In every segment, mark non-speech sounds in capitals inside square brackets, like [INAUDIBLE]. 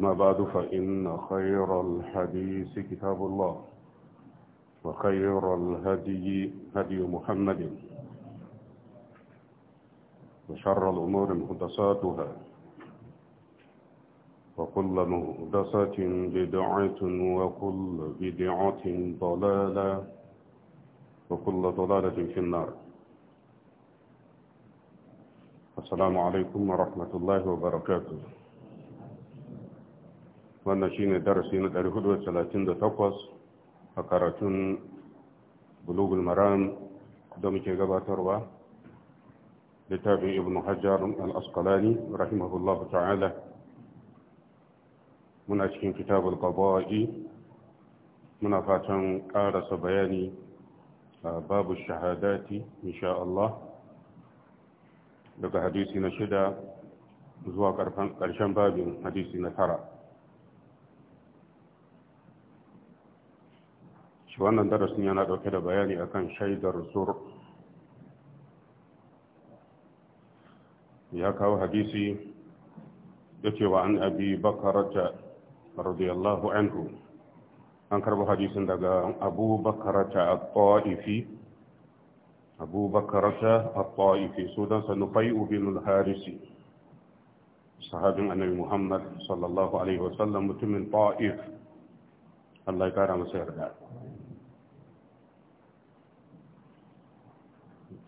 أما بعد فإن خير الحديث كتاب الله وخير الهدي هدي محمد وشر الأمور محدثاتها وكل مهدسة بدعة وكل بدعة ضلالة وكل ضلالة في النار السلام عليكم ورحمة الله وبركاته wannan shine darasi na 438 a karatun bulugul maram da muke gabatarwa littafin ibn hajjar al-asqalani rahimahullahu ta'ala muna cikin kitabul qada'i muna fatan karasa bayani a babu shahadati insha Allah daga hadisi na shida zuwa ƙarshen babin hadisi na tara wannan darasin yana dauke da bayani akan shaidar zur ya kawo hadisi da cewa an abi bakarata radiyallahu anhu an karbo hadisin daga abu bakarata al-ta'ifi abu bakarata al-ta'ifi sunansa nufai'u bin al-harisi sahabin annabi muhammad sallallahu alaihi wasallam mutumin ta'if Allah ya kara masa yarda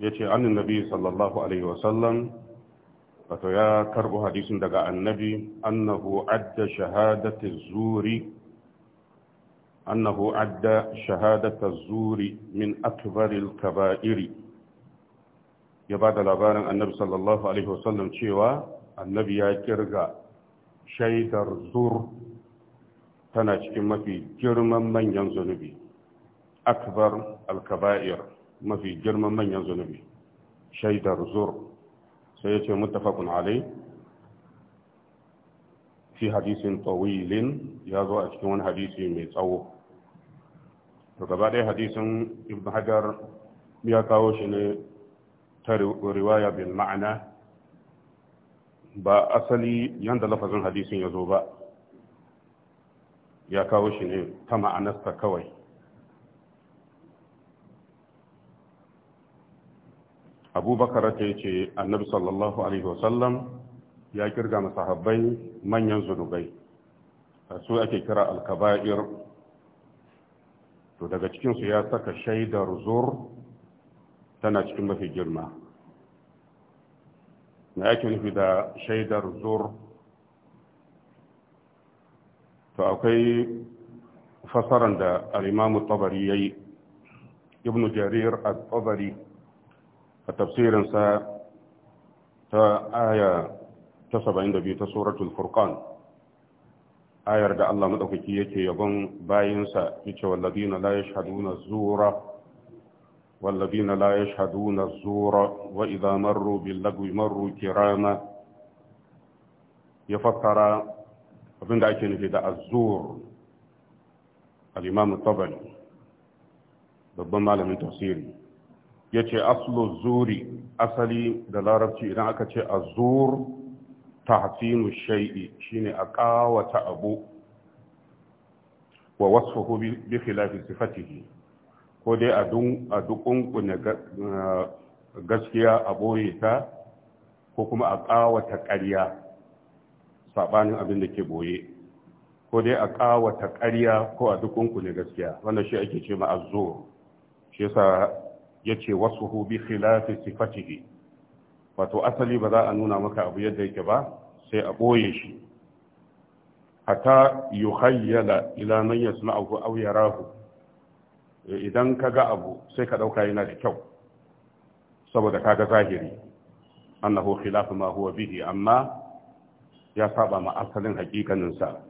Ya ce annin nabi sallallahu alaihi wasallam wato ya karbo hadisin daga annabi annahu adda shahadati zuri annahu adda shahadati zuri min akbaril kaba'iri ya ba da labarin annabi sallallahu alaihi wasallam cewa annabi ya kirga shaidar zur tana cikin mafi girman manyan zunubi akbar al-kaba'ir mafi girman manyan zunubi shaidar zur sai ya ce muttafaqun alai fi hadisin tawilin ya zo a cikin wani hadisi mai tsawo to gaba ɗaya hadisin ibn hajar ya kawo shi ne ta riwaya bin ma'ana ba asali yanda lafazin hadisin ya zo ba ya kawo shi ne ta ma'anarsa kawai abubakar ta ce annabi sallallahu alaihi wasallam ya kirga masahabbai manyan zunubai su ake kira alkaba'ir to daga cikinsu ya saka shaidar zur tana cikin mafi girma na yake nufi da shaidar zur to akwai fasaran da al'imamu tabari ya yi ibn jarir al-tabari التفسير انسى تا آية تسبع عند بيت سورة الفرقان آية رد الله مدوكي يتي يبن باين سا والذين لا يشهدون الزور والذين لا يشهدون الزور وإذا مروا باللغو مروا كراما يفكر ابن دعيشن في الزور الإمام الطبري ربما لم تفسيره ya ce aslu zuri asali da larabci idan aka ce a zur tahsinu shai'i shine a kawata abu wa wasfahu bi khilafi sifatihi ko dai a dun a uh, gaskiya a boye ta ko kuma a kawata karya sabanin abin da ke boye ko dai a kawata karya ko a dukunkuna gaskiya wannan shi ake ce ma Azur. shi yasa yace wasu bi khilafi sifatihi wato asali ba za a nuna maka abu yadda yake ba sai a boye shi hatta yukhayyala ila man yasma'uhu aw yarahu eh, idan ga abu sai ka ɗauka yana da kyau saboda kaga zahiri annahu khilafu ma huwa bihi amma ya saba ma asalin hakikanin sa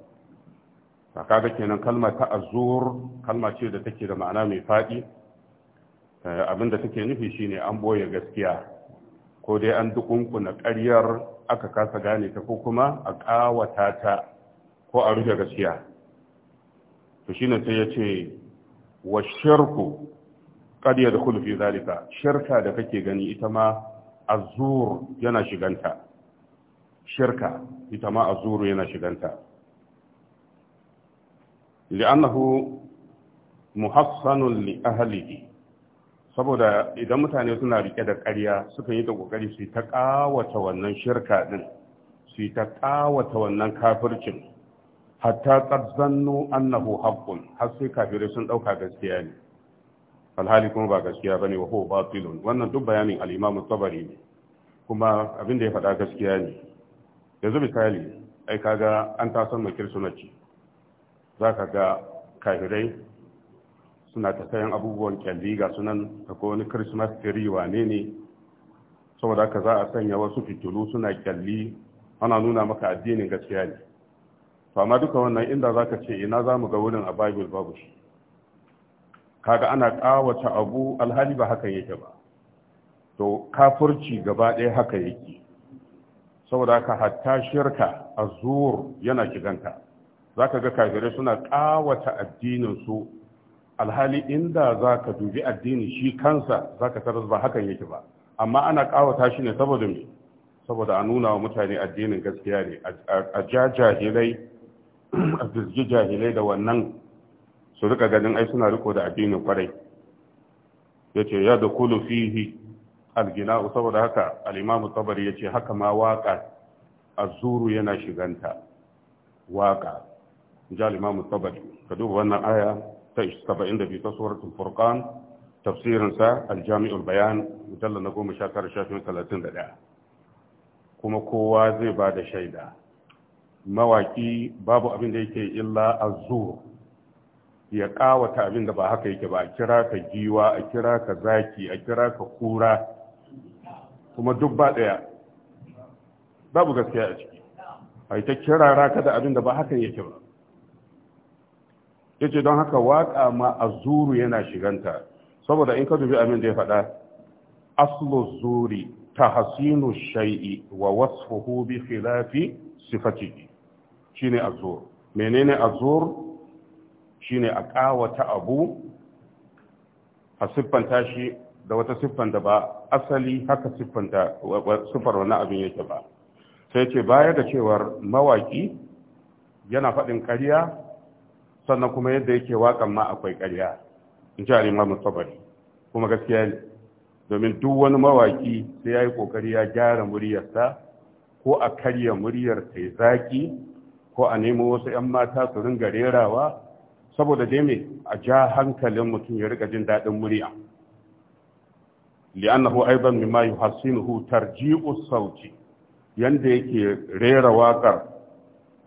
kaga kenan kalma ta azur kalma ce da take da ma'ana mai faɗi. Eh, abin da take nufi shine an boye gaskiya ko dai an na ƙaryar aka kasa gane ta ko kuma a ƙawata ta ko a rufe gaskiya to shine sai ya ce wa shirku qad da fi zalika shirka da kake gani ita ma azur yana shiganta shirka ita ma azur yana shiganta li'annahu muhassanun li ahlihi saboda idan mutane suna rike da ƙarya suka yi da ƙoƙari su ta ƙawata wannan shirka ɗin su ta ƙawata wannan kafircin hatta tsadzannu annahu haqqun har sai kafirai sun ɗauka gaskiya ne alhali kuma ba gaskiya ne wa huwa batilun wannan duk bayanin al'imamu tsabari ne kuma abin da ya faɗa gaskiya ne yanzu misali ai ga an tasan makir sunaci ka ga kafirai suna ta sayan abubuwan kyalli ga sunan ko wani christmas tree wane ne saboda haka za a sanya wasu fitilu suna kyalli ana nuna maka addinin gaskiya ne to amma duka wannan inda za ka ce ina za mu ga wurin a bible babu shi kaga ana ƙawata abu alhali ba haka yake ba to kafirci gaba ɗaya haka yake saboda haka hatta shirka azur yana kiganta za ka ga kafirai suna addinin su alhali inda za ka dubi addini shi kansa za ka tarar ba hakan yake ba amma ana kawata shi ne saboda me saboda a nuna wa mutane addinin gaskiya ne a ja [CLEARS THROAT] a jahilai da wannan su rika ganin ai suna riko da addinin kwarai ya ce ya da kulu fihi algina'u saboda haka al'imamu tabari ya ce haka ma waƙa azuru yana shiganta waƙa ja al'imamu tabari ka duba wannan aya ta دبي ta الفرقان تفسيرا tafsirinsa الجامع bayan mujalla na goma sha ثلاثين shafin talatin da ɗaya kuma kowa zai ba da shaida mawaki babu abin da yake illa azur ya ƙawata abin da ba haka yake ba a kira ka giwa a kira ka zaki a kira ka kura kuma duk ba ɗaya babu gaskiya a ciki a ita ka da abin da ba haka yake ba yace don haka waƙa ma azuru yana shiganta saboda in ka dubi abin da ya faɗa aslu zuri tahsinu shay'i wa wasfuhu bi khilafi sifatihi shine azur menene azur shine a ƙawata abu a siffanta shi da wata siffan da ba asali haka siffanta siffar wani abin yake ba sai ce baya da cewar mawaki yana faɗin ƙarya sannan kuma yadda yake waƙan ma akwai ƙarya in ji alimar tabari kuma gaskiya ne domin duk wani mawaki sai ya yi ƙoƙari ya gyara muryarsa ko a karya muryar ta zaƙi, ko a nemo wasu 'yan mata su ringa rerawa saboda dai me a ja hankalin mutum ya rika jin daɗin murya li'annahu aidan mimma yuhassinuhu tarji'u sauti yanda yake rera waƙar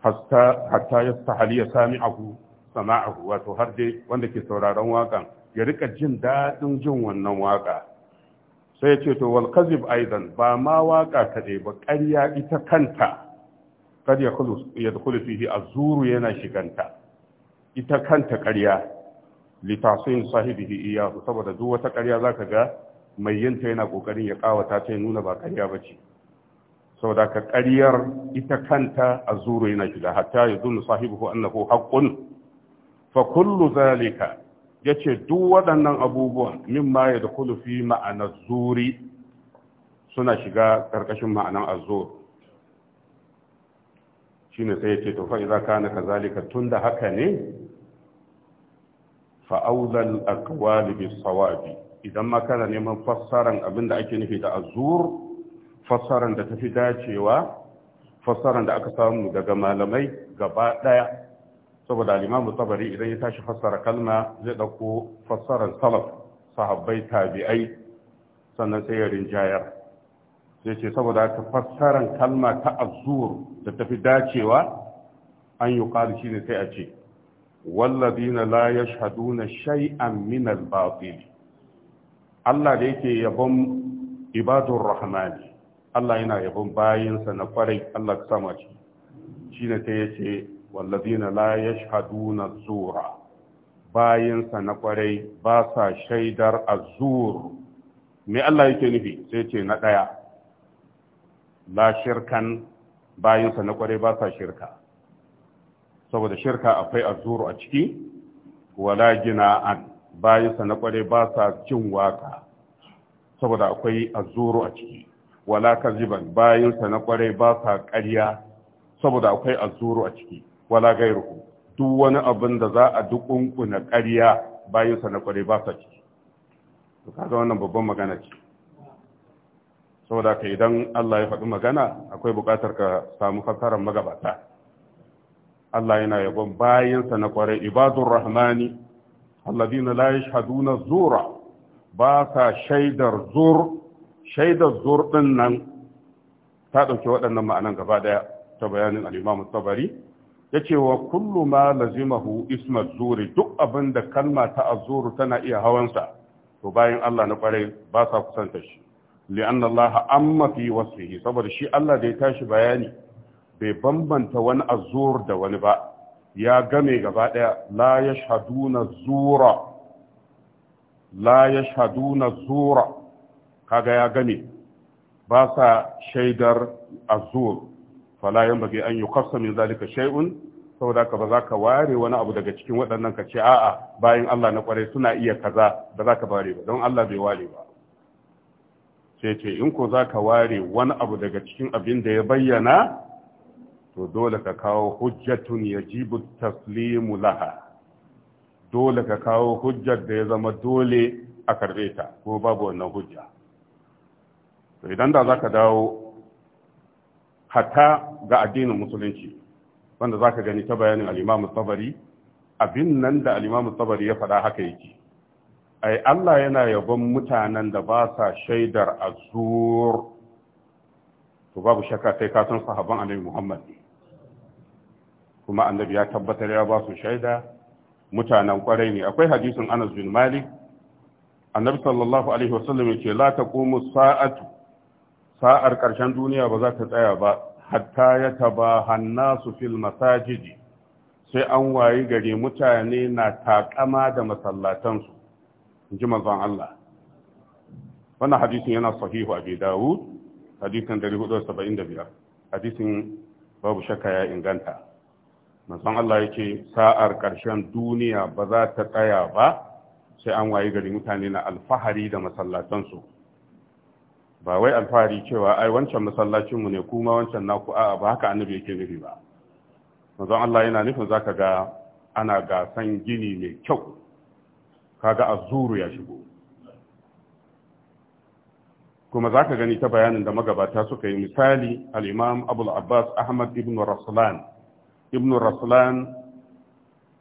hatta hatta ya sami abu sama'ahu wato har dai wanda ke sauraron waƙan ya rika jin daɗin jin wannan waka sai ya ce to wal kazib aidan ba ma waƙa kaɗai ba ƙarya ita kanta kad ya yadkhulu fihi azuru yana shiganta ita kanta ƙarya tasin sahibihi iyahu saboda duk wata ƙarya zaka ga mai yinta yana kokarin ya kawata ta nuna ba ƙarya bace saboda ka ƙaryar ita kanta azuru yana shiga hatta yadhunnu sahibihi annahu haqqun fa kullu zalika yace duk waɗannan abubuwa min ya da fi ma'ana zuri suna shiga ƙarƙashin ma'anar azur shi ne sai ya ce tofa iza kana ka zalika tun da haka ne fa'auzal akwali bi sawabi idan ma kana neman fassaran abin da ake nufi da azur fassaran da tafi dacewa fassaran da aka samu daga malamai gaba ɗaya saboda alimamu tabari idan ya tashi fassara kalma zai ɗauko fassarar salaf sahabbai tabi'ai sannan sai ya rinjayar sai ce saboda ta fassarar kalma ta azur da tafi dacewa an yi ƙari shi ne sai a ce wallazina la yashhaduna shay'an min al-batil Allah da yake yabon ibadur rahmani Allah yana yabon bayinsa na kwarai Allah ka sama shi ne sai yace wallazina لا يشهدون zura باين na قري ba sa shaidar azur me Allah yake nufi sai ce na ɗaya la shirkan bayinsa na kwarai ba sa shirka saboda shirka akwai azuru a ciki wala gina'an bayinsa na kwarai ba sa cin waka saboda akwai azuru a ciki wala kaziban bayinsa na kwarai ba sa ƙarya saboda akwai azuru a ciki wala gairuhu duk wani abin da za a dukunkuna ƙarya bayan sa na kware ba sa ciki to kaga wannan babban magana ce saboda ka idan Allah ya faɗi magana akwai buƙatar ka samu fassarar magabata Allah yana yabon bayansa na kwarai ibadur rahmani alladhina la yashhaduna zura ba sa shaidar zur shaidar zur din nan ta ɗauki waɗannan ma'anan gaba ɗaya ta bayanin al-Imam tabari ce wa kullu ma lazimahu isma zuri duk abin da kalma ta azuru tana iya hawansa to bayan Allah na kwarai ba sa kusanta shi li'an Allah amma fi wasfihi saboda shi Allah da ya tashi bayani bai bambanta wani azur da wani ba ya game gaba daya la yashhaduna zura la yashhaduna zura kaga ya game ba sa shaidar azur fala yanbaghi an yuqassa min zalika shay'un saboda ka ba za ka ware wani abu daga cikin waɗannan ka ce a'a bayan Allah na kwarai suna iya kaza da za ka ware ba don Allah bai ware ba sai ce in ko za ka ware wani abu daga cikin abin da ya bayyana to dole ka kawo hujjatun yajibu taslimu laha dole ka kawo hujjar da ya zama dole a karbe ta ko babu wannan hujja to idan da za ka dawo hatta ga addinin musulunci wanda ka gani ta bayanin al-Imam abin nan da al tsabari ya faɗa haka yake ai Allah yana yabon mutanen da ba sa shaidar azur to babu shakka kai ka san sahabban Annabi Muhammad kuma Annabi ya tabbatar ya ba su shaida mutanen kwarai ne akwai hadisin Anas bin Malik Annabi sallallahu alaihi wasallam ce, la taqumu sa'atu sa'ar ƙarshen duniya ba za ta tsaya ba hatta ya taba hannasu fil masajidi sai an wayi gari mutane na takama da masallatansu ji mazan Allah wannan hadisin yana sahihu a Dawud hadisin 475 hadisin babu shakka ya inganta mazan Allah yake sa'ar ƙarshen duniya ba za ta tsaya ba sai an wayi gari mutane na alfahari da masallatansu ba wai alfahari cewa ai wancan masallacinmu ne kuma wancan naku a'a ba haka annabi yake nufi ba manzon Allah yana nufin zaka ga ana gasan gini mai kyau kaga azuru ya shigo kuma zaka gani ta bayanin da magabata suka yi misali al-Imam Abu abbas Ahmad ibn Raslan ibn Raslan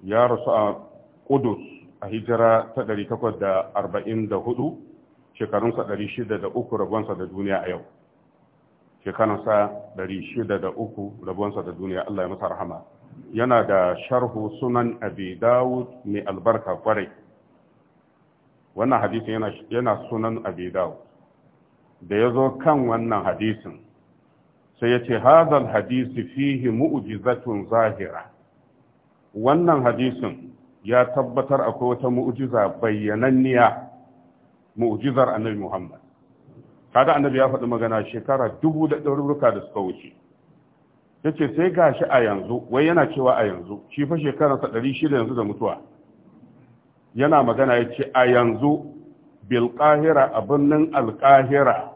ya rasu a Qudus a hijira ta 844 shekarunsa 603 rabonsa da duniya a yau shekarunsa 603 rabonsa da duniya Allah ya masa rahama yana da sharhu sunan abi dawud mai albarka kwarai wannan hadisin yana sunan abi dawud da ya zo kan wannan hadisin sai ya ce hadal hadisi fihi mu'jizatun zahira wannan hadisin ya tabbatar akwai wata mu'jiza bayyananniya mu'jizar annabi Muhammad kada annabi ya faɗi magana shekara dubu da ɗaruruka da suka wuce yace sai gashi a yanzu wai yana cewa a yanzu shi fa shekararsa ɗari shida yanzu da mutuwa yana magana ya ce a yanzu bilƙahira a birnin alƙahira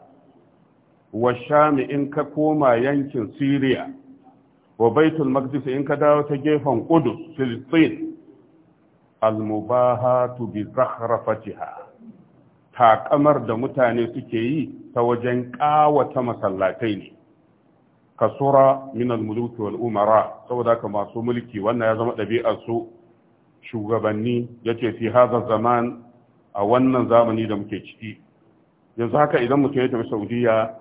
wa shami in ka koma yankin siriya wa baitul maqdis in ka dawo ta gefen kudus filistin almubahatu bi zakhrafatiha taƙamar da mutane suke yi ta wajen ƙawata masallatai ne kasura min al wal umara saboda ka masu mulki wannan ya zama ɗabi'ar su shugabanni yace fi hadha zaman a wannan zamani da muke ciki yanzu haka idan mutum ya tafi Saudiya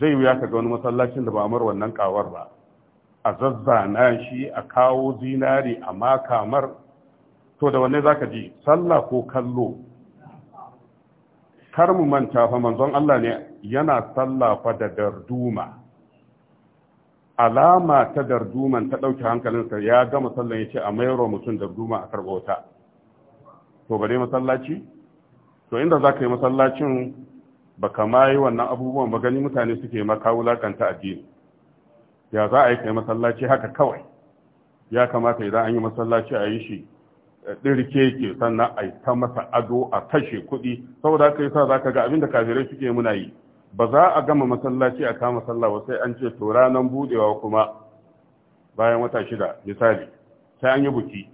zai wuya ka ga wani masallacin da ba amar wannan kawar ba a zazzana shi a kawo zinari a makamar to da wanne zaka ji sallah ko kallo kar mu manta fa manzon Allah ne yana sallafa da darduma alama ta darduman ta ɗauki hankalinsa ya gama sallan ya ce a mayarwa mutum darduma a karɓo wata. to ba dai masallaci to inda za ka yi masallacin ba kama yi wannan abubuwan ba gani mutane suke maka wulakanta addini ya za a yi kai masallaci haka kawai ya kamata idan an yi masallaci a yi shi ɗirke ke sannan a ta masa ado a kashe kuɗi saboda haka yasa zaka ga abinda kafirai suke muna yi ba za a gama masallaci a kama sallah ba sai an ce to ranar budewa kuma bayan wata shida misali sai an yi buki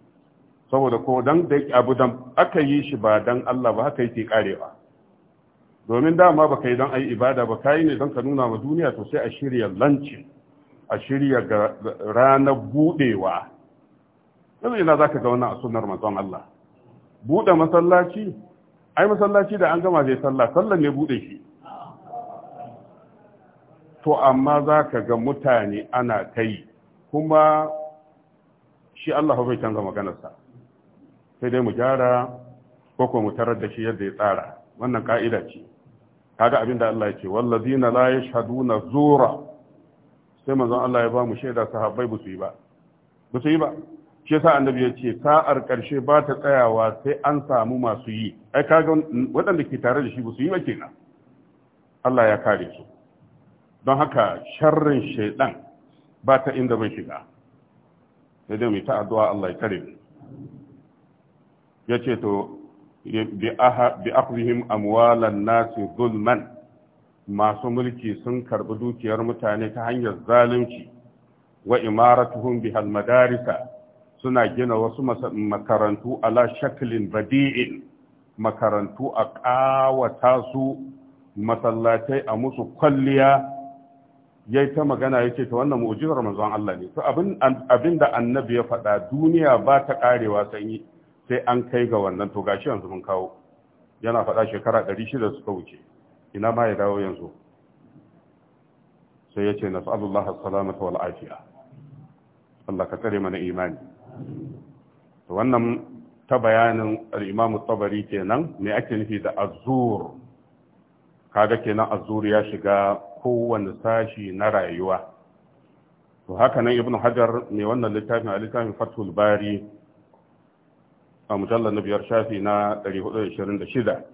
saboda ko dan da abu dan aka yi shi ba dan Allah ba haka yake karewa domin dama baka yi dan ayi ibada ba kai ne dan ka nuna ma duniya to sai a shirya lanci a shirya ranar budewa yanzu ina za ka ga wannan a sunar manzon Allah buɗe masallaci ai masallaci da an gama zai sallah sallah ne buɗe shi to amma za ka ga mutane ana ta yi kuma shi Allah bai canza maganarsa sai dai mu gyara ko ko mu tarar da shi yadda ya tsara wannan ka'ida ce ga abin da Allah ya ce zina la na zura sai manzon Allah ya ba mu shaida sahabbai ba su yi ba ba su yi ba shi yasa annabi ya ce sa'ar ƙarshe ba ta tsayawa sai an samu masu yi ai kaga waɗanda ke tare da shi ba su yi ba kenan Allah ya kare su don haka sharrin shaidan ba ta inda bai shiga sai dai mai ta addu'a Allah ya kare mu yace to bi akhdihim amwalan nas zulman masu mulki sun karbi dukiyar mutane ta hanyar zalunci wa imaratuhum bihal madarisa suna gina wasu makarantu ala shaklin badi'in makarantu a kawata su masallatai a musu kwalliya ya ta magana ya ce ta wannan mu'ujizar manzon Allah ne to abin da annabi ya faɗa duniya ba ta ƙarewa sanyi sai an kai ga wannan to gashi yanzu mun kawo yana faɗa shekara ɗari 600 suka wuce ina ma ya dawo yanzu sai ya ce nas'alullah as-salamata wal afiya Allah ka tsare mana imani wannan ta bayanin al'imamu tabari kenan mai ake nufi da azur kaga kenan azur ya shiga kowane sashi na rayuwa to haka nan ibn hajar mai wannan littafin a fatul bari a mujallar na biyar shafi na 426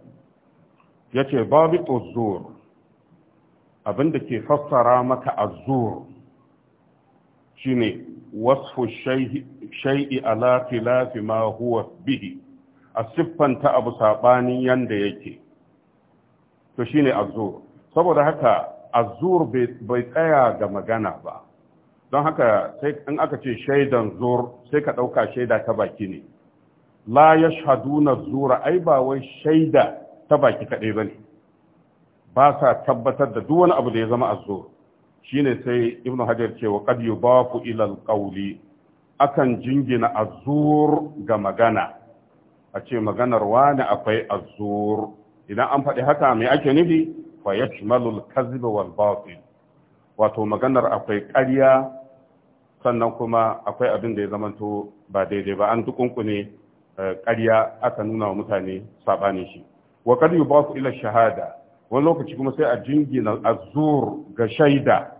ya ce babu azur abinda ke fassara maka azur shine wasfu shay'i ala khilafi ma huwa bihi a siffanta abu sabanin yanda yake to shine Azur. saboda haka Azur bai tsaya ga magana ba don haka sai in aka ce shaidan zur sai ka ɗauka shaida ta baki ne la yashhaduna zura ai ba wai shaida ta baki kadai ne, ba sa tabbatar da duk wani abu da ya zama Azur. shine sai ibnu hajar ce wa qad yubafu ila alqawli akan jingina azur ga magana a ce maganar wani akwai azur idan an faɗi haka mai ake nufi fa yashmalu alkazib wal batil wato maganar akwai ƙarya sannan kuma akwai abin da ya zamanto ba daidai ba an dukunkune eh, ƙarya aka nuna wa mutane saɓani shi wa qad yubafu ila shahada wani lokaci kuma sai a jingina azur ga shaida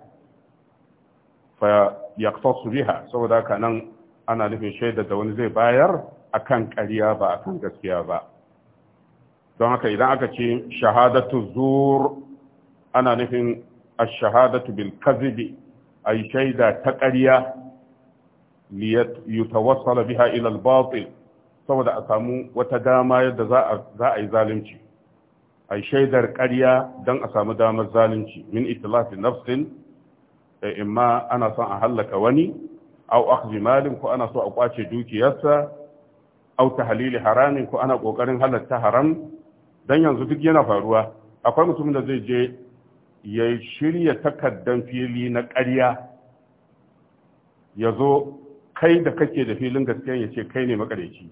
fa yaqtasu biha saboda haka nan ana nufin shaida da wani zai bayar akan ƙarya ba akan gaskiya ba don haka idan aka ce shahadatu zur ana nufin ash-shahadatu bil kadhibi ay shaida ta ƙarya li yutawassala biha ila al-batil saboda a samu wata dama yadda za a za a yi zalunci ay shaidar ƙarya don a samu damar zalunci min itlafin nafsin Eh, imma ana son a hallaka wani au akhdhi malin ko ana so a kwace dukiyarsa au tahlili haramin ko ana kokarin halatta haram dan yanzu duk yana faruwa akwai mutumin da zai je ya shirya takaddan fili na ƙarya ya zo kai da kake da filin gaskiya ya ce kai ne makareci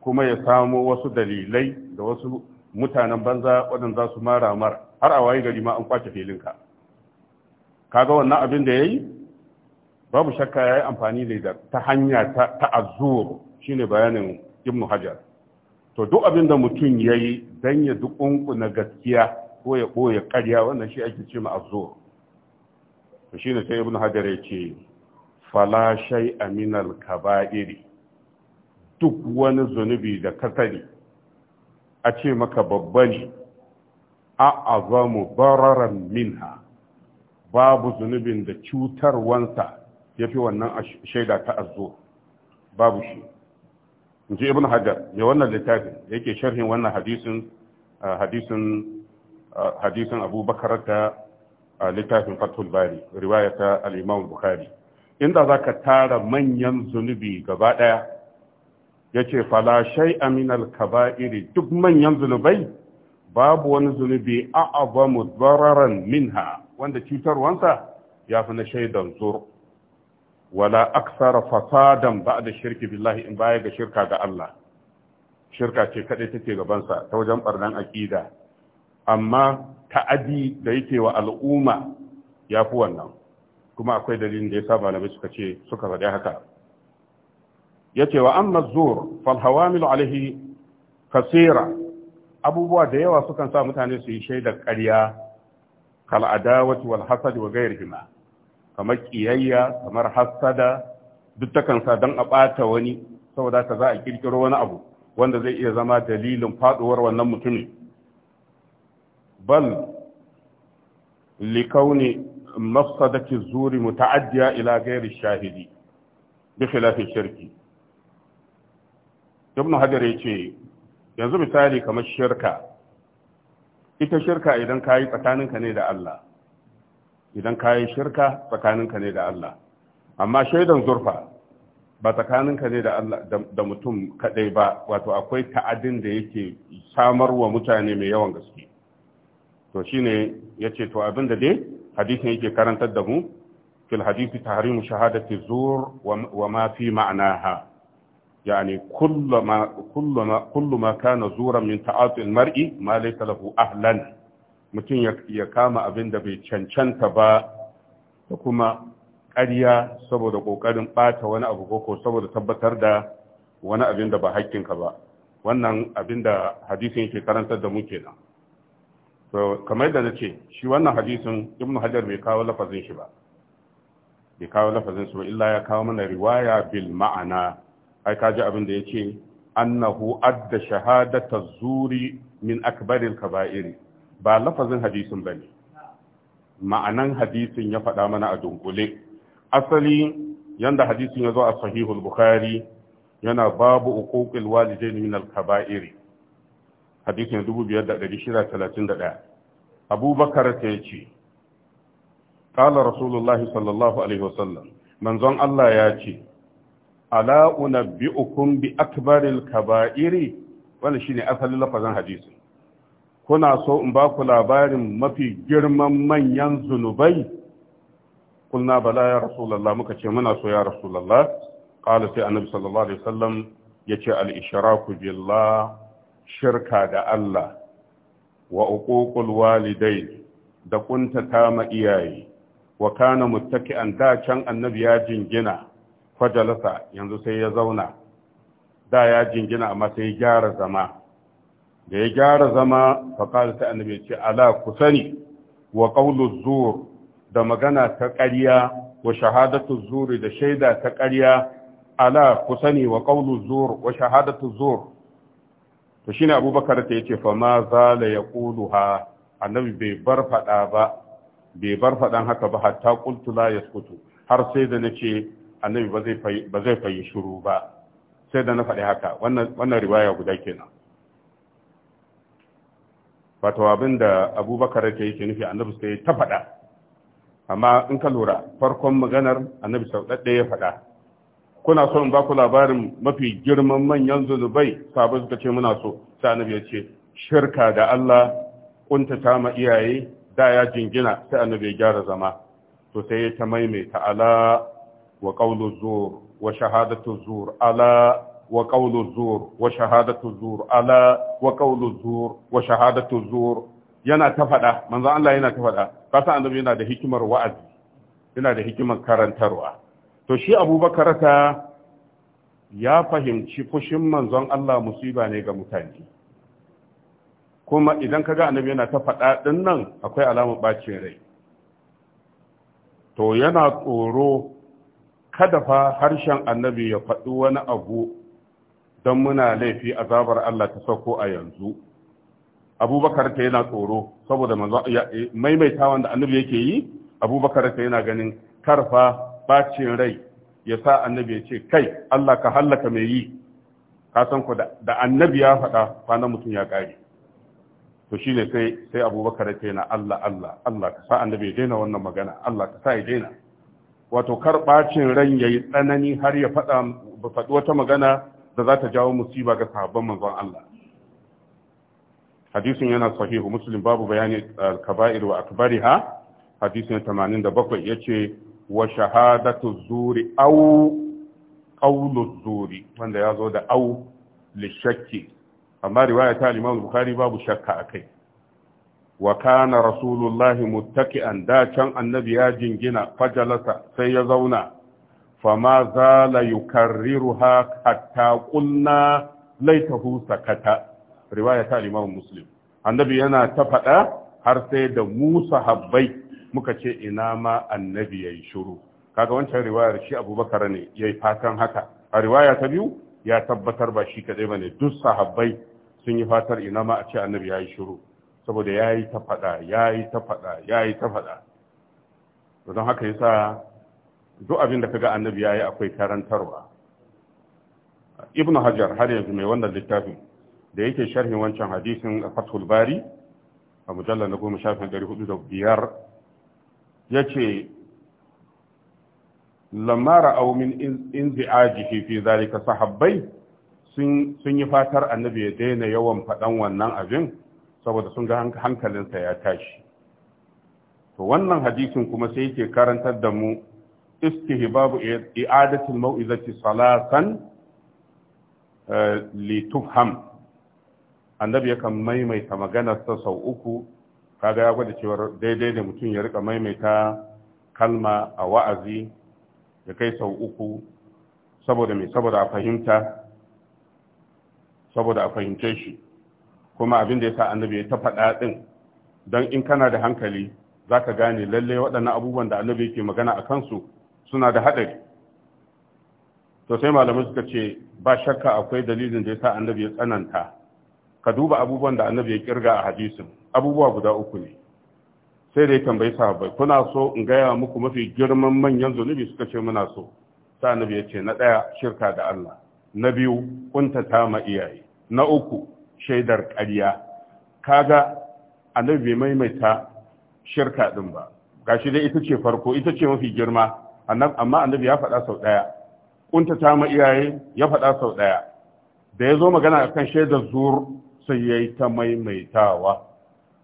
kuma ya samo wasu dalilai da wasu mutanen banza waɗanda za su mara mara har a waye gari ma an kwace filinka kaga wannan abin da yi? babu shakka ya yi amfani da ta hanya ta ta'azzur shine bayanin ibnu Hajar to duk abin da mutum yayi dan ya dukunku na gaskiya ko ya boye ƙarya wannan shi ake ce ma'azzur to shine sai ibnu Hajar ya ce fala shay'a Aminal kabairi duk wani zunubi da ka sani a ce maka babba ne a azamu bararan minha babu zunubin da cutarwansa ya fi wannan shaida ta azzo babu shi in ji ibn hajar mai wannan littafin yake sharhin wannan hadisin hadisin hadisin abubakar ta littafin fatul bari riwayata al-imam bukhari inda zaka tara manyan zunubi gaba daya yace fala shay'a min al-kaba'iri duk manyan zunubai babu wani zunubi a'azamu dararan minha wanda cutarwansa ya fi na shaidan zur wala aksara fasadan ba da shirki billahi in baya ga shirka ga Allah shirka ce kadai take gabansa ta wajen barnan aƙida amma ta ta'adi da yake wa al'umma ya fi wannan kuma akwai dalilin da ya sa malamai suka ce suka faɗi haka ya ce wa amma zur fal hawamilu alaihi kasira abubuwa da yawa sukan sa mutane su yi shaidar ƙarya kal adawati wal hasad wa ghayrihima kamar kiyayya kamar hasada duk takan sa dan a bata wani saboda ta za a kirkiro wani abu wanda zai iya zama dalilin faɗuwar wannan mutumin bal likauni mafsadati zuri muta'addiya ila ghairi shahidi bi khilafi shirki ibn hajar yace yanzu misali kamar shirka ita shirka idan ka yi tsakaninka ne da Allah idan ka yi shirka tsakaninka ne da Allah amma shaidan zurfa ba tsakaninka ne da mutum kadai ba wato akwai ta'adin da yake samarwa mutane mai yawan gaske to shine yace to abin da dai hadisin yake karantar da mu fil hadisi tahrimu shahadati zur wa ma fi ma'naha يعني كل ما كل ما كل ما كان زورا من ya kama abin da bai cancanta ba da kuma karya saboda ƙoƙarin ɓata wani abu saboda tabbatar da wani abin ba haƙƙinka ba wannan abin da hadisin yake karantar da mu kenan to kamar da ce shi wannan hadisin ibnu hajar bai kawo lafazin shi ba bai kawo lafazin su ba illa ya kawo mana riwaya bil ma'ana ai kaji abin da ce. annahu adda shahadata zuri min akbaril kaba'iri ba lafazin hadisin ba ne. ma'anan hadisin ya faɗa mana a dunkule asali yanda hadisin ya zo a sahihul bukhari yana babu uquqil walidai min al-kaba'iri hadisin 2631 abubakar ta yace qala rasulullahi sallallahu alaihi wasallam manzon Allah ya ce ala unabbi'ukum bi akbaril kaba'iri wannan shine asalin lafazin hadisi kuna so in ba ku labarin mafi girman manyan zunubai kulna bala ya rasulullah muka ce muna so ya rasulullah qala sai annabi sallallahu alaihi wasallam yace al ishraku billah shirka da Allah wa uququl walidai da ta ma iyaye wa kana muttaki'an da can annabi ya jingina fajalasa yanzu sai ya zauna da ya jingina amma sai ya gyara zama da ya gyara zama faƙar ta annabi ce ala ku wa qawlu da magana ta ƙarya wa shahadatu zuri da shaida ta ƙarya ala Kusani sani wa qawlu zur wa shahadatu zur to shine abubakar ta yace fa ma za zala yaquluha annabi bai bar fada ba bai bar fadan haka ba hatta qultu la yaskutu har sai da nace annabi ba zai fayi shuru ba sai da na faɗi haka wannan riwaya guda kenan wato abin da abubakar yake yake nufi annabi sai ta faɗa amma in ka lura farkon maganar annabi sau ɗaɗɗe ya faɗa kuna so in ba ku labarin mafi girman manyan zunubai sabu suka ce muna so sai annabi ya ce shirka da Allah ta ma iyaye da ya jingina sai annabi ya gyara zama to sai ya ta maimaita ala وقول الزور وشهادة wa على وقول ala وشهادة الزور على wa الزور وشهادة ala yana ta faɗa manzo Allah yana ta faɗa kasa annabi yana da hikimar wa'azi yana da hikimar karantarwa to shi Abubakar ta ya fahimci fushin manzon Allah musiba ne ga mutane kuma idan kaga annabi yana ta faɗa ɗin nan akwai alamar bacin rai to yana tsoro kada fa harshen annabi ya faɗi wani abu don muna laifi azabar Allah ta sauko a yanzu abubakar ta yana tsoro saboda maimaita wanda annabi yake yi abubakar ta yana ganin karfa bacin rai ya sa annabi ya ce kai Allah ka hallaka mai yi ka ku da annabi ya faɗa kwanan mutum ya ƙare to shi ne sai abubakar ta yana Allah Allah Allah ka sa annabi ya daina wannan magana Allah ka sa ya daina wato karɓacin ran ran yayi tsanani har ya faɗi wata magana da za ta jawo musiba ga sahabban manzon Allah hadisin yana sahihu muslim babu bayani al-kaba'ir wa akbariha hadisin 87 yace wa shahadatu zuri aw qawlu zuri wanda yazo da aw lishakki amma riwaya ta Imam Bukhari babu shakka a kai. wa kana rasulullahi muttaki'an da can annabi ya jingina fajalasa sai ya zauna fama zala yukarriruha hatta qulna laitahu sakata riwaya ta Imam Muslim annabi yana ta faɗa har sai da mu sahabbai muka ce ina ma annabi yayi shiru kaga wancan riwayar shi Abubakar ne yayi fatan haka a riwaya ta biyu ya tabbatar ba shi kadai bane duk sahabbai sun yi fatar ina ma a ce annabi yayi shiru saboda ya yi ta faɗa ya yi ta faɗa ya yi ta faɗa don haka yasa duk abin da kaga annabi ya yi akwai karantarwa ibnu hajar har yanzu mai wannan littafin da yake sharhin wancan hadisin a fathul bari a mujallar na goma shafin ɗari hudu da biyar ya ce lamara aumin inzi'ajihi fi zalika sahabbai sun yi fatar annabi ya daina yawan faɗan wannan abin saboda sun ga hankalinsa ya tashi to wannan hadisin kuma sai yake karantar da mu istihbabu i'adatul mau'izati salatan eh, tufham annabi yakan maimaita maganar ta sau uku kaga ya gwada cewar daidai da mutum ya rika maimaita kalma a wa'azi ya kai sau uku saboda mai saboda a fahimta saboda a fahimce shi kuma abin da ya sa annabi ya ta faɗa ɗin don in kana da hankali za ka gane lallai waɗannan abubuwan da annabi yake magana a kansu suna da haɗari to sai malamai suka ce ba shakka akwai dalilin da ya sa annabi ya tsananta ka duba abubuwan da annabi ya kirga a hadisin abubuwa guda uku ne sai da ya tambayi sahabbai kuna so in gaya muku mafi girman manyan zunubi suka ce muna so sai annabi ya ce na ɗaya shirka da Allah na biyu kuntata ma iyaye na uku shaidar ƙarya kaga annabi bai maimaita shirka ɗin ba gashi dai ita ce farko ita ce mafi girma amma annabi ya faɗa sau ɗaya ta ma iyaye ya faɗa sau ɗaya da ya zo magana a kan shaidar zur sai ya yi ta maimaitawa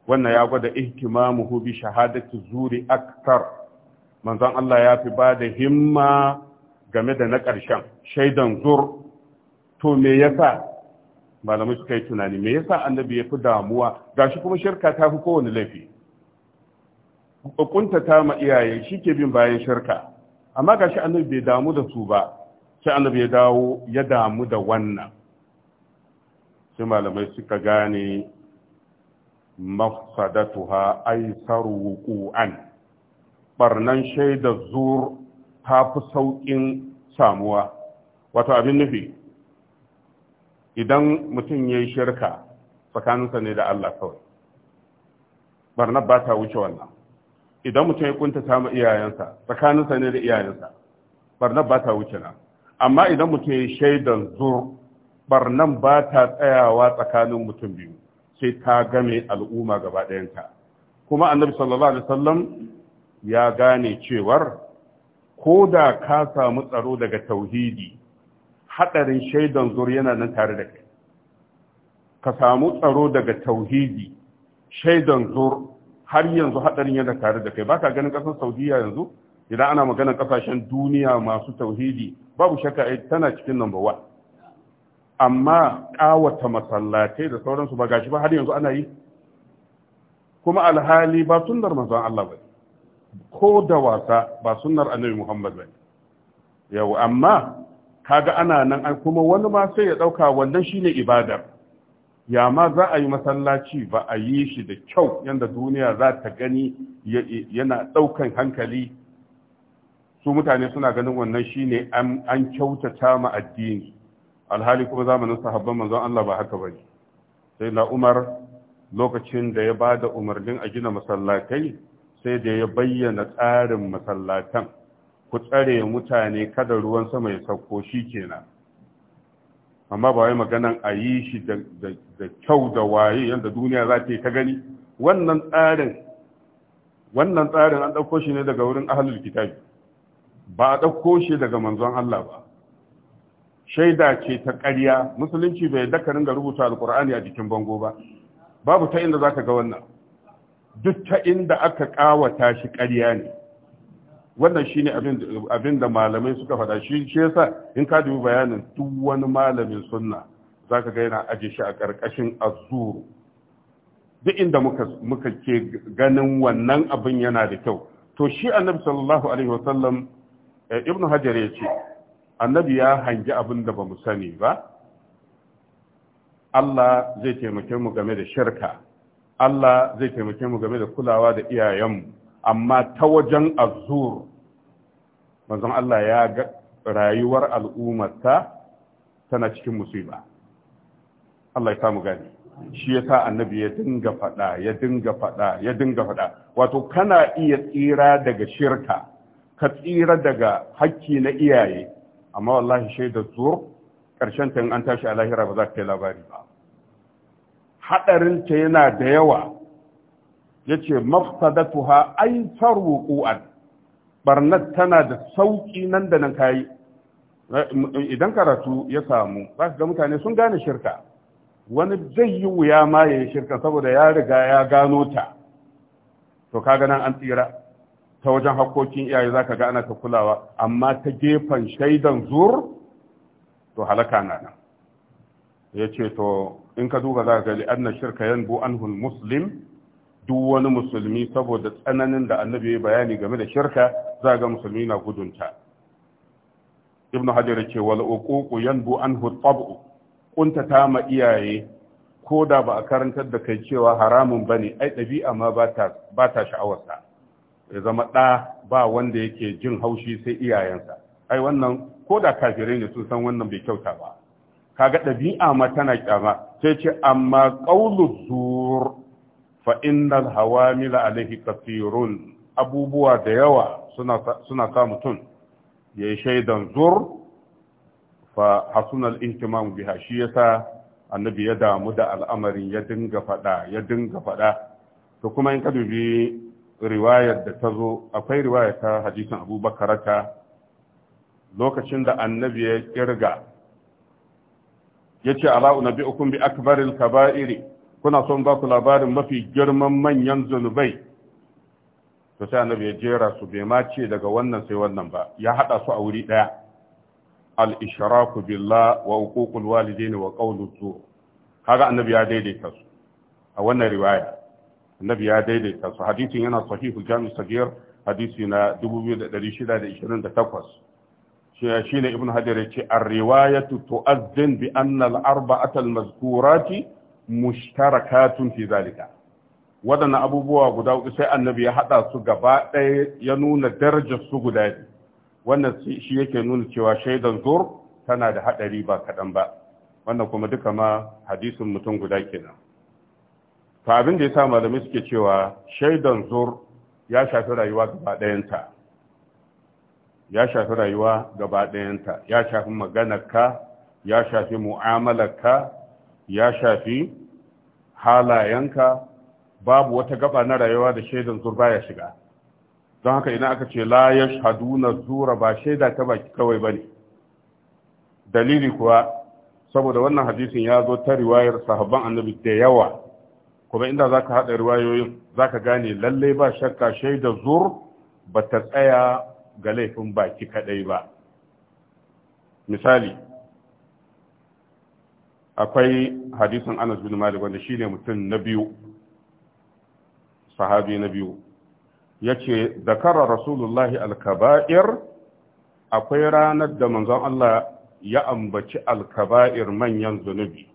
wannan ya gwada ihtimamuhu hubi shahadati zuri aktar manzon Allah ya fi ba da himma game da na ƙarshen shaidan zur to me yasa malamai suka yi tunani me yasa annabi ya fi damuwa gashi kuma shirka ta fi kowane laifi hukunta ma iyaye shi ke bin bayan shirka amma gashi annabi bai damu da su ba sai annabi ya dawo ya damu da wannan sai malamai suka gane mafsadatuha aisar wuku'an barnan shaidar zur ta fi sauƙin samuwa wato abin nufi idan mutum ya yi shirka tsakaninsa ne da Allah kawai barnar ba ta wuce wannan idan mutum ya kunta samun iyayensa tsakaninsa ne da iyayensa barnar ba ta wuce na amma idan mutum ya yi shaidan zur nan ba ta tsayawa tsakanin mutum biyu sai ta game al'umma gaba ɗayanta kuma annabi sallallahu alaihi wasallam ya gane cewar ko da ka samu tsaro daga tauhidi hadarin shaidan zuri yana nan tare da kai ka samu tsaro daga tauhidi shaidan zur har yanzu hadarin yana tare da kai ba ka ganin kasar saudiya yanzu idan ana maganar kasashen duniya masu tauhidi babu shakka tana cikin number one amma ƙawata masallatai da sauransu ba gashi ba har yanzu ana yi kuma alhali ba sunnar manzon Allah ba ko da wasa ba sunnar annabi Muhammad ba yau amma kaga ana nan ai kuma wani ma sai ya dauka wannan shine ibada ya ma za a yi masallaci ba a yi shi da kyau yanda duniya za ta gani yana daukan hankali su mutane suna ganin wannan shine an kyautata ma addini alhali kuma zamanin sahabban manzon Allah ba haka bane sai na Umar lokacin da ya bada umarnin a gina masallatai sai da ya bayyana tsarin masallatan ku tsare mutane kada ruwan sama ya sauko shi kenan amma ba wai maganan a yi shi da kyau da waye yadda duniya za ta yi ta gani wannan tsarin wannan tsarin an ɗauko shi ne daga wurin ahalul kitabi ba a ɗauko shi daga manzon Allah ba shaida ce ta ƙarya musulunci bai daka ga rubuta alƙur'ani a jikin bango ba babu ta inda za ka ga wannan duk ta inda aka ƙawata shi ƙarya ne wannan shi ne abin da malamai suka faɗa shi shi yasa in ka dubi bayanin duk wani malamin sunna ka ga yana aje shi a ƙarƙashin azuru duk inda muka ke ganin wannan abin yana da kyau to shi annabi sallallahu alaihi wasallam eh, ibnu hajar ya ce annabi ya hangi abin da ba mu sani ba Allah zai taimake mu game da shirka Allah zai taimake mu game da kulawa da iyayenmu amma ta wajen azur manzon Allah ya ga rayuwar al'ummarsa tana cikin musiba Allah ya samu gani shi yasa annabi ya dinga faɗa ya dinga faɗa ya dinga faɗa wato kana iya tsira daga shirka ka tsira daga hakki na iyaye amma wallahi shaidar zuwa ƙarshen ta an tashi a lahira ba za ka yi labari ba haɗarin ta yana da yawa yace mafsadatuha aisar an. barnat tana da sauki nan da nan kai idan karatu ya samu zaka ga mutane sun gane shirka wani zai yi wuya ma ya yi shirka saboda ya riga ya gano ta to kaga nan an tsira ta wajen hakokin iyaye zaka ka ga ana ta kulawa amma ta gefen shaidan zur to halaka na nan ya ce to in ka duba za ka ga li'anna shirka yanbu anhu muslim duk wani musulmi saboda tsananin da annabi ya bayani game da shirka za ga musulmi na gudunta ibnu hajar ce wal uququ yanbu anhu tab'u ta ma iyaye ko da ba a karantar da kai cewa haramun bane ai dabi'a ma ba ta ba ta sha'awarsa ya zama da ba wanda yake jin haushi sai iyayensa ai wannan ko da kafirai ne sun san wannan bai kyauta ba kaga dabi'a ma tana kyama sai ce amma qaulu zur fa innal Mila alaihi kathirun abubuwa da yawa suna suna sa mutum yayi shaidan zur fa al ihtimam biha shi yasa annabi ya damu da al'amarin ya dinga fada ya dinga fada to kuma in ka dubi riwayar da ta zo akwai riwayar ta hadisin abubakar ta lokacin da annabi ya kirga ya ce ala'u na bi akbaril kaba'iri kuna son ba ku labarin mafi girman manyan zunubai to sai annabi ya jera su bai mace daga wannan sai wannan ba ya hada su a wuri daya al ishraku billah wa uququl walidain wa qawlu zur kaga annabi ya daidaita su a wannan riwaya annabi ya daidaita su hadisin yana sahihu jami' sagir hadisi na 2628 shi shine ibn hajar ya ce ar riwayatu tu'azzin bi anna al arba'ata mazkurati mushtarakatun fi zalika waɗannan abubuwa guda uku sai annabi ya haɗa su gaba ɗaya ya nuna darajar su guda biyu wannan shi yake nuna cewa shaidan zur tana da haɗari ba kaɗan ba wannan kuma duka ma hadisin mutum guda kenan to abin da ya sa malamai suke cewa shaidan zur ya shafi rayuwa gaba ɗayanta ya shafi rayuwa gaba ɗayanta ya shafi maganarka ya shafi mu'amalarka ya shafi halayenka babu wata gaba na rayuwa da shaidan zur baya shiga don haka idan aka ce la yashhaduna zura ba shaida ta baki kawai bane dalili kuwa saboda wannan hadisin ya zo ta riwayar sahabban annabi da yawa kuma inda zaka hada riwayoyin zaka gane lalle ba shakka shaida zur ba ta tsaya ga laifin baki kadai ba misali akwai hadisin Anas bin Malik wanda shine mutum na biyu sahabi na biyu yace zakara rasulullahi al-kaba'ir akwai ranar da manzon Allah ya ambaci al manyan zunubi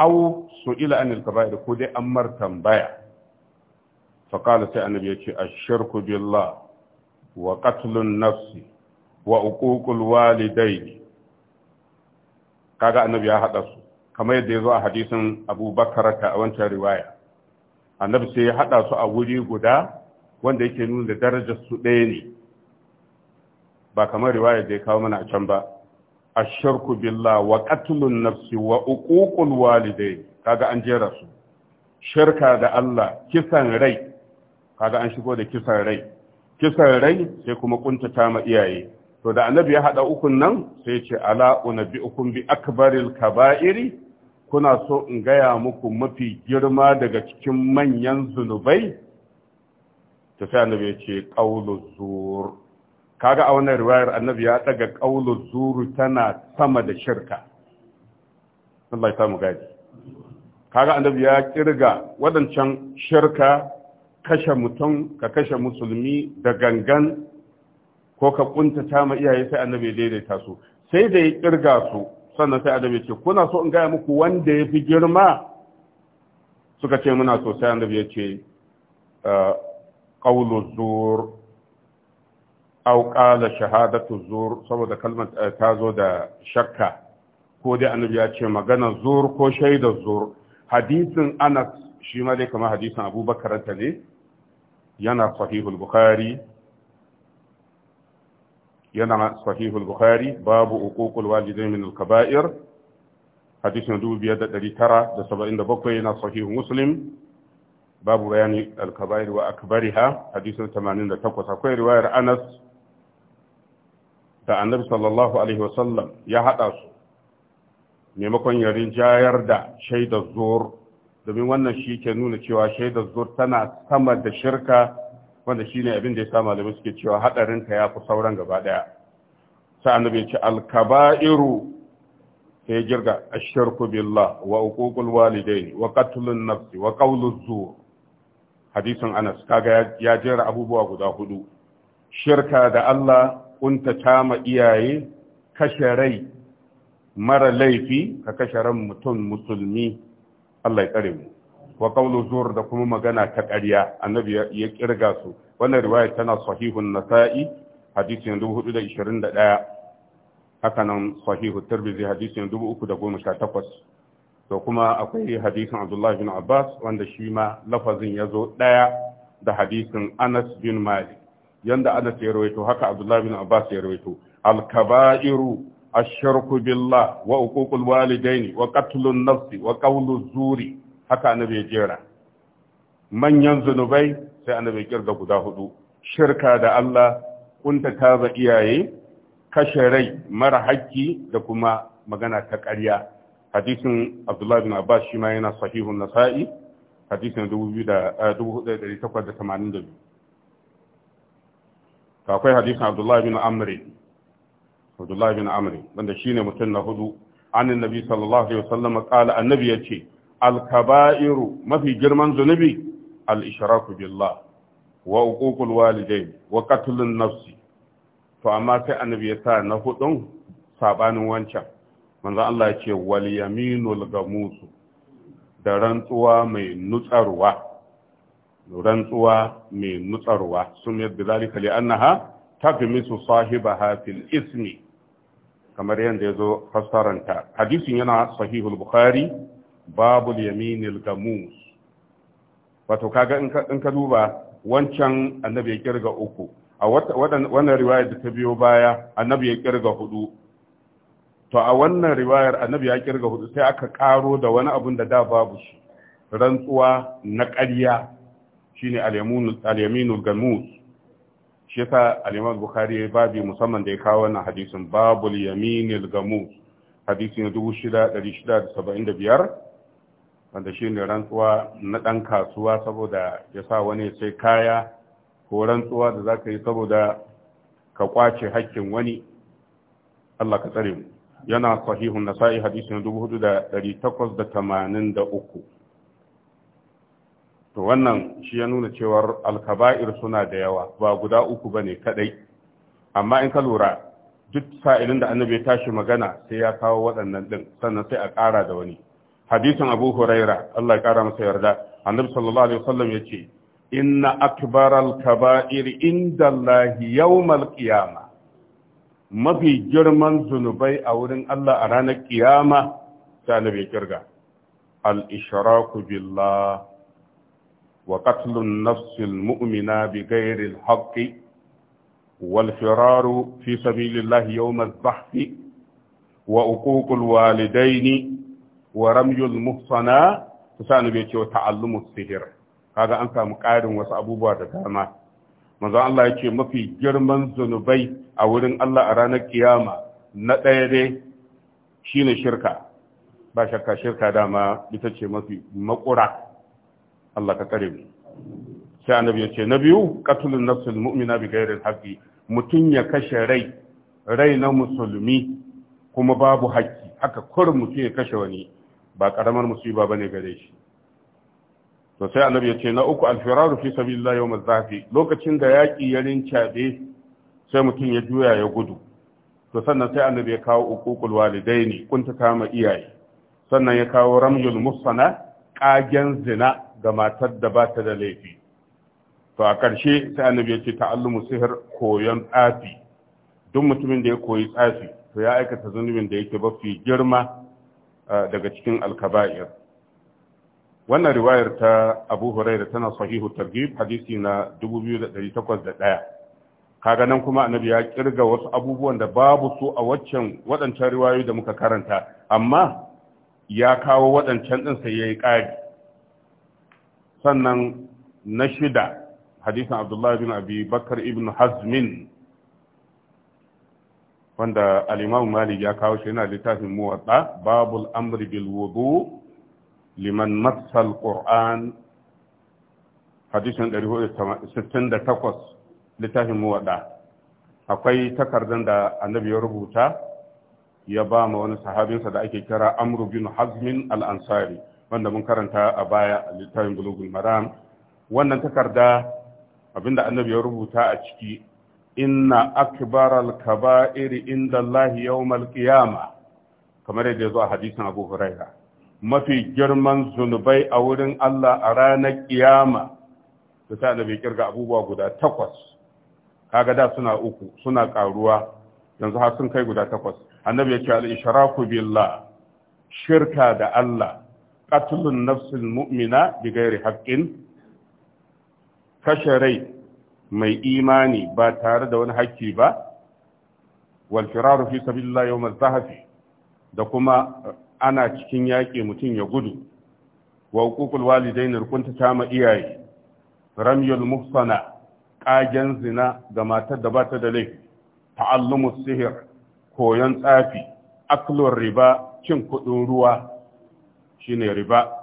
aw ila anil kaba'ir ko dai ammar tambaya fa qala sai annabi yace ash-shirku billah wa qatlun nafsi wa uququl walidayni kaga annabi ya hada su kamar yadda ya zo a hadisin abubakar ta a wancan riwaya annabi sai ya haɗa su a wuri guda wanda yake nuna darajar su ɗaya ne ba kamar riwaya da ya kawo mana a can ba shirku billah wa qatlun nafsi wa uququl walidai kaga an jera su shirka da Allah kisan rai kaga an shigo da kisan rai kisan rai sai kuma kuntata ma iyaye to da annabi ya haɗa ukun nan sai ya ce ala unabbiukum bi akbaril kaba'iri kuna so in gaya muku mafi girma daga cikin manyan zunubai ta sai annabi ya ce ƙaunar zuru kaga a wannan riwayar annabi ya daga ƙaunar zuru tana sama da shirka Allah ya samu gaji kaga annabi ya kirga waɗancan shirka kashe mutum ka kashe musulmi da gangan ko ka kuntata ma iyaye sai annabi ya daidaita su sai da ya kirga su sannan sai adam ya ce kuna so in gaya muku wanda ya fi girma suka ce muna so sai adam ya ce eh, qawlu zur aw shahadatu zur saboda kalmar eh, ta zo da shakka ko dai annabi ya ce magana zur ko shaida zur hadisin anas shi ma dai kamar hadisin abubakar ta ne yana sahihul bukhari yana sahihul bukhari babu uququl walidain min al-kaba'ir hadisin 2977 yana sahihul babu bayani al-kaba'ir wa akbariha hadisin 88 akwai riwayar Anas da Annabi sallallahu alaihi wasallam ya haɗa su maimakon yari jayar da shaidar zuwar domin wannan shi ke nuna cewa shaidar zuwar tana sama da shirka wanda shi ne abin da ya sa da suke cewa hadarin ta fi sauran gaba daya bai ci Alkaba'iru. ta yi jirga a shirku billah wa uququl walidai wa ƙatulun nafsi wa qawluz zur hadisin Anas kaga ya jera abubuwa guda hudu shirka da Allah ta ma iyaye kashe rai mara laifi ka kashe ran mutum musulmi Allah ya tsare mu wa qawlu zur da kuma magana ta ƙarya annabi ya kirga su wannan riwaya tana sahihun nasa'i hadisi na 421 haka nan sahihu tirmidhi hadisi na 318 to kuma akwai hadisin Abdullah bin Abbas wanda shi ma lafazin ya zo ɗaya da hadisin Anas bin Malik yanda Anas ya rawaito haka Abdullah bin Abbas ya rawaito al-kaba'iru الشرك بالله وعقوق الوالدين وقتل النفس وقول الزور haka annabi ya jera manyan zunubai sai annabi ya kirga guda hudu shirka da Allah kunta taba iyaye kashe rai mara haƙƙi da kuma magana ta ƙarya hadisin Abdullah bin Abbas shi ma yana sahihun Nasa'i hadisin 2882 eh, akwai hadisin Abdullah bin Amr Abdullah bin Amr wanda shine mutum na hudu an annabi sallallahu alaihi wasallam qala annabi yace alkaba'iru mafi girman zunubi al-ishraku billah wa uququl walidain wa qatlun nafsi to amma sai annabi ya sa na huɗun sabanin wancan manzo Allah ya ce wal yaminul gamusu da rantsuwa mai nutsarwa rantsuwa mai nutsarwa sun yadda zalika li annaha taqmisu sahibaha fil ismi kamar yadda ya zo fassaranta hadisin yana sahihul bukhari babul yaminil gamus wato kaga in ka duba wancan annabi ya kirga uku a wannan riwayar da ta biyo baya annabi ya kirga hudu to a wannan riwayar annabi ya kirga hudu sai aka karo da wani abun da da babu shi rantsuwa na ƙarya shine al-yaminul gamus shi yasa al-Imam Bukhari ya babi musamman da ya kawo wannan hadisin babul yaminil gamus hadisi na 6675 wanda shi ne rantsuwa na ɗan kasuwa saboda ya sa wani sai kaya ko rantsuwa da za ka yi saboda ka kwace hakkin wani Allah ka tsare mu yana sahihun tamanin da uku. to wannan shi ya nuna cewar alkaba'ir suna da yawa ba guda uku ba ne kaɗai. amma in ka lura duk sa'ilin da annabi ya tashi magana sai ya kawo waɗannan ɗin, sannan sai a ƙara da wani hadisin abu huraira Allah ya kara masa yarda annabi sallallahu alaihi wasallam yace inna akbaral kaba'ir indallahi yawmal qiyama mafi girman zunubai a wurin Allah a ranar kiyama sai annabi kirga al ishraku billah wa qatlun nafsin mu'mina bighairi al haqqi wal firaru fi sabilillahi yawmal bahthi wa uququl walidaini wa ramyul muhsana ta sa ce wa ta'allumu sihir kaga an samu ƙarin wasu abubuwa da dama manzo Allah yake mafi girman zunubai a wurin Allah a ranar kiyama na daya dai shine shirka ba shakka shirka dama ita ce mafi makura Allah ka kare mu sai annabi ya ce na biyu qatlun nafsul mu'mina bi ghairi haqqi mutun ya kashe rai rai na musulmi kuma babu haƙƙi haka kur mutum ya kashe wani ba karamar musiba bane gare shi to sai annabi ya ce na uku alfiraru fi sabilillah yawm zafi lokacin da yaki ya rincabe sai mutum ya juya ya gudu to sannan sai annabi ya kawo uququl walidaini kuntata ma iyaye sannan ya kawo ramyul musana kagen zina ga matar da ba ta da laifi to a ƙarshe sai annabi ya ce ta'allumu sihir koyon tsafi duk mutumin da ya koyi tsafi to ya aikata zunubin da yake bafi girma daga cikin alkaba'ir wannan riwayar ta abu huraira tana sahihu targhib hadisi na 2801 kaga nan kuma annabi ya kirga wasu abubuwan da babu su a waccan waɗancan riwayoyi da muka karanta amma ya kawo waɗancan ɗin sai yayi ƙari sannan na shida hadisin abdullahi bin abi bakar ibn hazmin wanda al Malik ya kawo shi yana littafin Muwatta babul amri bil wudu liman massa al-Qur'an 68 468 littafin Muwatta akwai takardan da Annabi ya rubuta ya ba ma wani sahabinsa da ake kira Amru, bin Hazm al-Ansari wanda mun karanta a baya a littafin bulugul Maram wannan takarda abinda Annabi ya rubuta a ciki inna akbaral kaba'iri inda Allah yawmal qiyama kamar yadda zo a hadisin Abu Huraira mafi girman zunubai a wurin Allah a ranar kiyama to sai annabi kirga abubuwa guda takwas kaga da suna uku suna karuwa yanzu har sun kai guda takwas annabi ya ce al-ishraku billah shirka da Allah qatlun nafsil mu'mina bighairi haqqin kashe rai mai imani ba tare da wani hakki ba wal firaru fi sabilillahi yawmal zahfi da kuma ana cikin yaƙi mutum ya gudu wa hukukul walidain rukunta ta ma iyaye ramyul muhsana ƙagen zina ga matar da bata da laifi ta'allumu sihir koyon tsafi aklur riba cin kuɗin ruwa shine riba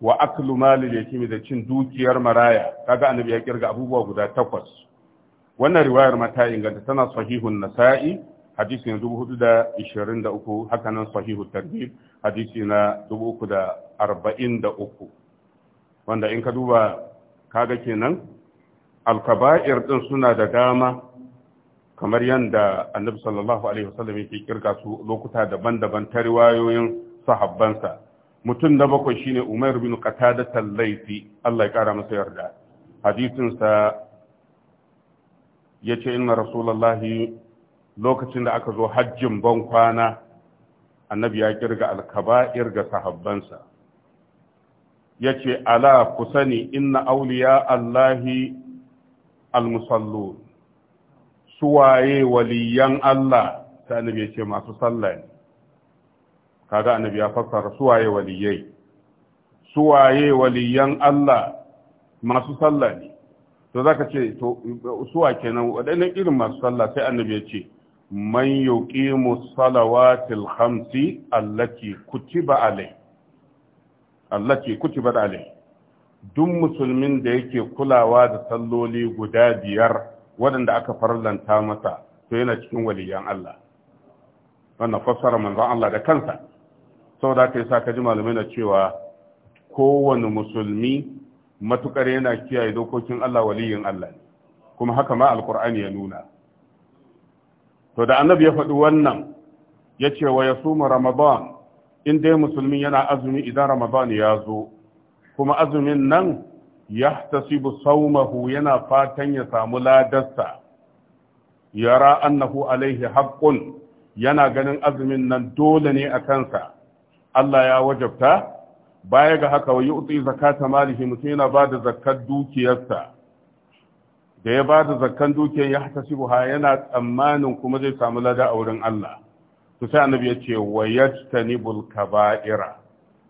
wa aklu malil yatimi da cin dukiyar maraya kaga annabi ya kirga abubuwa guda takwas wannan riwayar ma ta inganta tana sahihun nasa'i hadisi na 423 haka nan sahihu tarhib hadisi na 343 wanda in ka duba kaga kenan alkaba'ir din suna da dama kamar yadda annabi sallallahu alaihi wasallam yake kirga su lokuta daban-daban ta riwayoyin sahabbansa mutum na bakwai shine Umar bin Qatada Tallaifi Allah ya kara masa yarda hadisinsa ya yace inna rasulallah lokacin da aka zo hajjin ban kwana annabi ya kirga alkaba'ir ga sahabbansa ce, ala kusani inna auliya Allahi Su suwaye waliyan Allah ta annabi ce masu sallah kaga annabi ya fassara suwaye waliyai suwaye waliyan Allah masu sallah ne to zaka ce to suwa kenan wadannan irin masu sallah sai annabi ya ce man yuqimu salawatil khamsi allati kutiba alai allati kutiba alai duk musulmin da yake kulawa da salloli guda biyar waɗanda aka farlanta masa to yana cikin waliyan Allah wannan fassara manzon Allah da kansa saboda haka sa ka ji malamai na cewa kowane musulmi matukar yana kiyaye dokokin Allah waliyin Allah ne kuma haka ma alkur'ani ya nuna to da annabi ya faɗi wannan ya ce wa ya suma ramadan in dai musulmi yana azumi idan ramadan ya zo kuma azumin nan ya tasibu saumahu yana fatan ya samu ladarsa yara annahu alaihi haƙƙun yana ganin azumin nan dole ne a kansa Allah ya wajabta baya ga haka wa yu'ti zakata malihi mutum yana bada zakar dukiyarsa da ya bada zakkan dukiyar ya shi ha yana tsammanin kuma zai samu lada a wurin Allah to sai annabi ya ce wa yajtanibul kaba'ira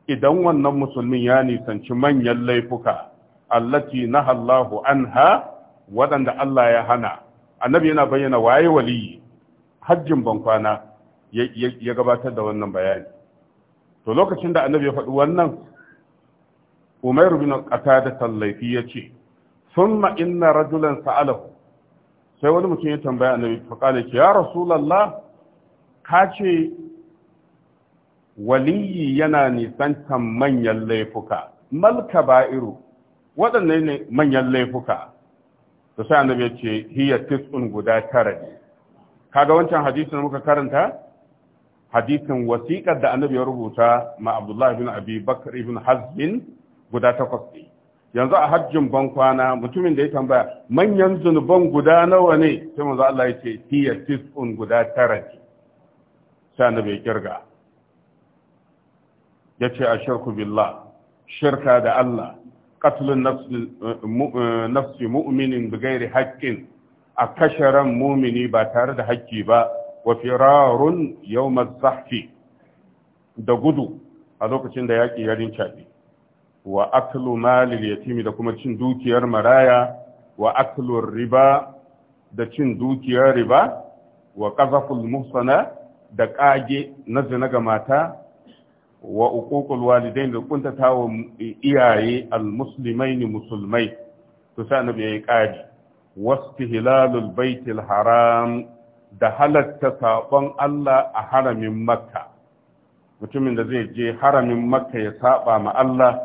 idan wannan musulmin ya nisanci manyan laifuka allati nahallahu anha waɗanda Allah ya hana annabi yana bayyana waye waliyi hajjin bankwana ya gabatar da wannan bayani to lokacin da annabi ya faɗi wannan umairu bin qatada tallafi yace thumma inna rajulan sa'alahu sai wani mutum ya tambaya annabi fa kana ya rasulullah ka ce waliyi yana nisantan manyan laifuka mal kaba'iru waɗanne ne manyan laifuka to sai annabi ya ce hiya tis'un guda tara ne kaga wancan hadisin muka karanta hadisin wasiƙar da annabi ya rubuta ma abdullahi bin abi bakar ibn hazmin guda takwas ne yanzu a hajjin ban kwana mutumin da ya tambaya manyan zunuban guda nawa ne sai manzo Allah ya ce hiya tis'un guda tara ne sai annabi ya kirga ya ce a shirku billah shirka da Allah qatlun nafsi mu'minin bi ghairi a kashe ran mumini ba tare da haƙƙi ba wa firarun yawmaz zahfi da gudu a lokacin da yaƙi ya rincaɓe wa aklu malil yatimi da kuma cin dukiyar maraya wa aklu riba da cin dukiyar riba wa qazaful muhsana da ƙage na zina ga mata wa uququl walidain da kuntatawa iyaye almuslimaini musulmai to sai annabi yayi ƙaji wasu hilalul baitil haram da halatta saɓon Allah a haramin Makka. Mutumin da zai je haramin Makka ya saɓa ma Allah,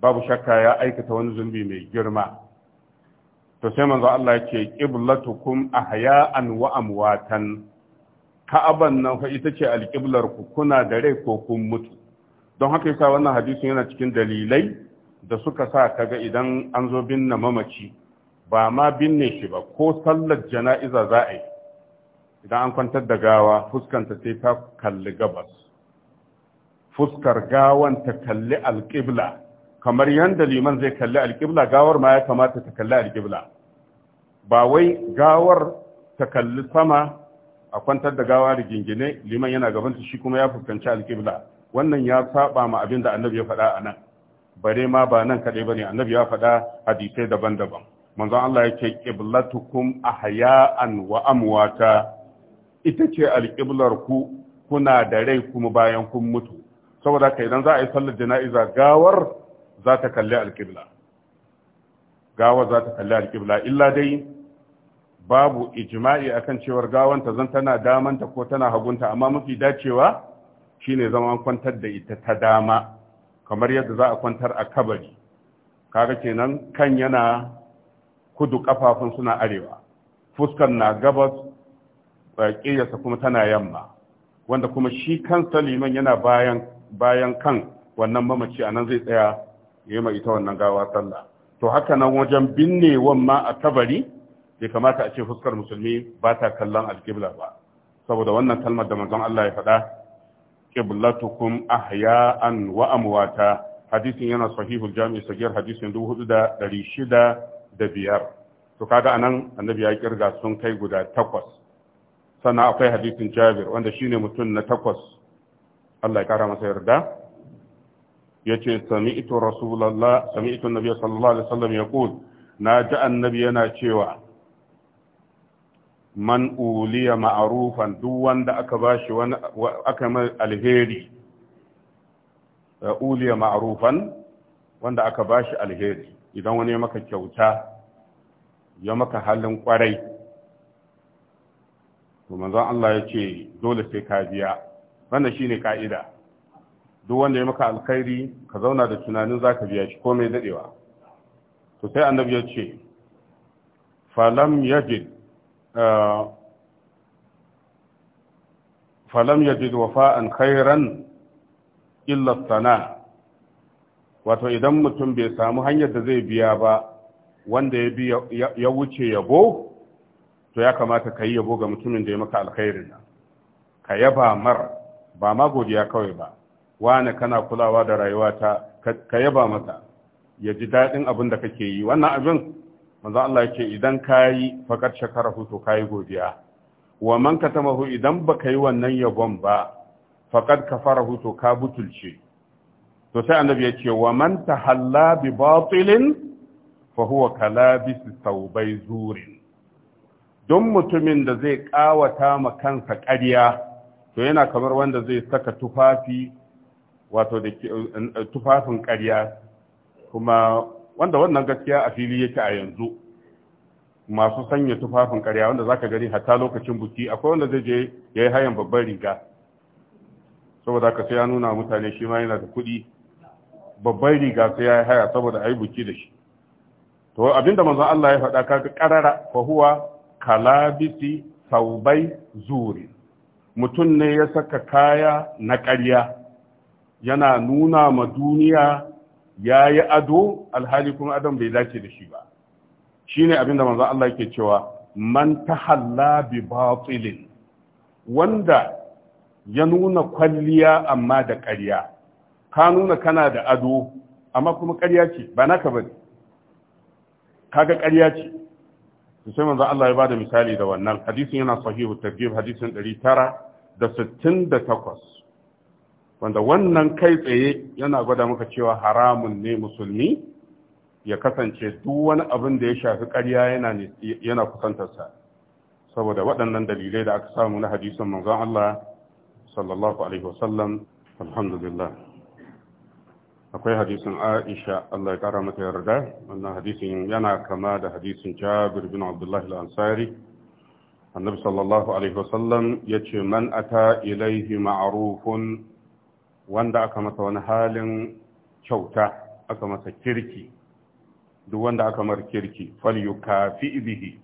babu shakka ya aikata wani zunubi mai girma. To sai manzo Allah ce, Ƙiblatukum ahya'an wa amwatan, ka'aban nan fa ita ce alƙiblarku kuna da rai ko kun mutu. Don haka yasa wannan hadisin yana cikin dalilai da suka sa kaga idan an zo binne mamaci. ba ma binne shi ba ko sallar jana'iza za a yi idan an kwantar da gawa fuskanta sai ta kalli gabas fuskar gawan ta kalli alƙibla kamar yadda liman zai kalli alƙibla gawar ma ya kamata ta kalli alƙibla ba wai gawar ta kalli sama a kwantar da gawa da gingine liman yana gabanta shi kuma ya fuskanci alƙibla wannan ya saba ma abin da annabi ya faɗa a nan bare ma ba nan kaɗai ba ne annabi ya faɗa hadisai daban-daban manzo Allah yake qiblatukum ahya'an wa amwata ita ce alqiblar ku kuna da rai kuma bayan kun mutu saboda kai idan za a yi sallar jana'iza gawar za ta kalli alqibla gawar za ta kalli alqibla illa dai babu ijma'i akan cewar gawan ta zan tana damanta ko tana hagunta amma mafi dacewa shine zama kwantar da ita ta dama kamar yadda za a kwantar a kabari kaga kenan kan yana kudu kafafun suna arewa Fuskar na gabas ƙiyarsa kuma tana yamma wanda kuma shi kansa liman yana bayan bayan kan wannan mamaci a nan zai tsaya ya yi ita wannan gawa sallah to haka nan wajen binnewan ma a kabari bai kamata a ce fuskar musulmi ba ta kallon alƙibla ba saboda wannan kalmar da manzon Allah ya faɗa qiblatukum ahya'an wa amwata hadisin yana sahihul jami' sagir hadisin 4600 da biyar to kaga anan annabi ya kirga sun kai guda takwas sannan akwai hadisin jabir wanda shine mutum na takwas Allah ya kara masa yarda yace sami'tu rasulullah sami'tu annabi sallallahu alaihi wasallam yaqul na ji annabi yana cewa man uliya ma'arufan duk wanda aka bashi wani aka mai alheri uliya ma'arufan wanda aka bashi alheri idan wani ya maka kyauta ya maka halin kwarai to manzon Allah ya ce dole sai ka biya wannan shine ka'ida duk wanda ya maka alkhairi ka zauna da tunanin zaka biya shi komai dadewa to sai annabi ya ce falam yajid eh, falam yajid wafa'an khairan illa sana'a. wato idan mutum bai samu hanyar da zai biya ba wanda ya bi ya wuce yabo to ya kamata ka yi yabo ga mutumin da ya maka alkhairin nan ka yaba mar ba ma godiya kawai ba wani kana kulawa da rayuwa ta ka yaba masa ya ji daɗin abin da kake yi wannan abin manzo Allah yake idan ka kayi fakar shakarahu to kayi godiya wa man katamahu idan baka yi wannan yabon ba faqad kafarahu to ka butulce to sai annabi ya ce wa man tahalla bi batilin fa huwa kalabis taubai zurin don mutumin da zai kawata ma kansa ƙarya to yana kamar wanda zai saka tufafi wato da tufafin ƙarya kuma wanda wannan gaskiya a fili yake a yanzu masu sanya tufafin ƙarya wanda zaka gani hatta lokacin buki akwai wanda zai je yayi hayan babban riga saboda ka sai ya nuna mutane shi ma yana da kuɗi babban riga sai ya haya saboda a yi buki da shi to abinda manzon Allah ya faɗa kaga ƙarara fa huwa kalabisi saubai zuri mutum ne ya saka kaya na ƙarya yana nuna ma duniya ya yi ado alhali kuma adam bai dace da shi ba shine abinda manzon Allah yake cewa man tahalla bi batilin wanda ya nuna kwalliya amma da ƙarya ka nuna kana da ado amma kuma ƙarya ce ba naka ba kaga ƙarya ce to sai manzo Allah ya bada misali da wannan hadisin yana sahihu tarjib hadisin 968 wanda wannan kai tsaye yana gwada maka cewa haramun ne musulmi ya kasance duk wani abin da ya shafi ƙarya yana yana kusantarsa saboda waɗannan dalilai da aka samu na hadisin manzon Allah sallallahu alaihi wasallam alhamdulillah akwai hadisin aisha Allah ya kara mata yarda wannan hadisin yana kama da hadisin jabir bin abdullahi al-ansari annabi sallallahu alaihi wasallam ya ce man ata ilaihi ma'arufun wanda aka masa wani halin kyauta aka masa kirki duk wanda aka mar kirki fal yukafi bihi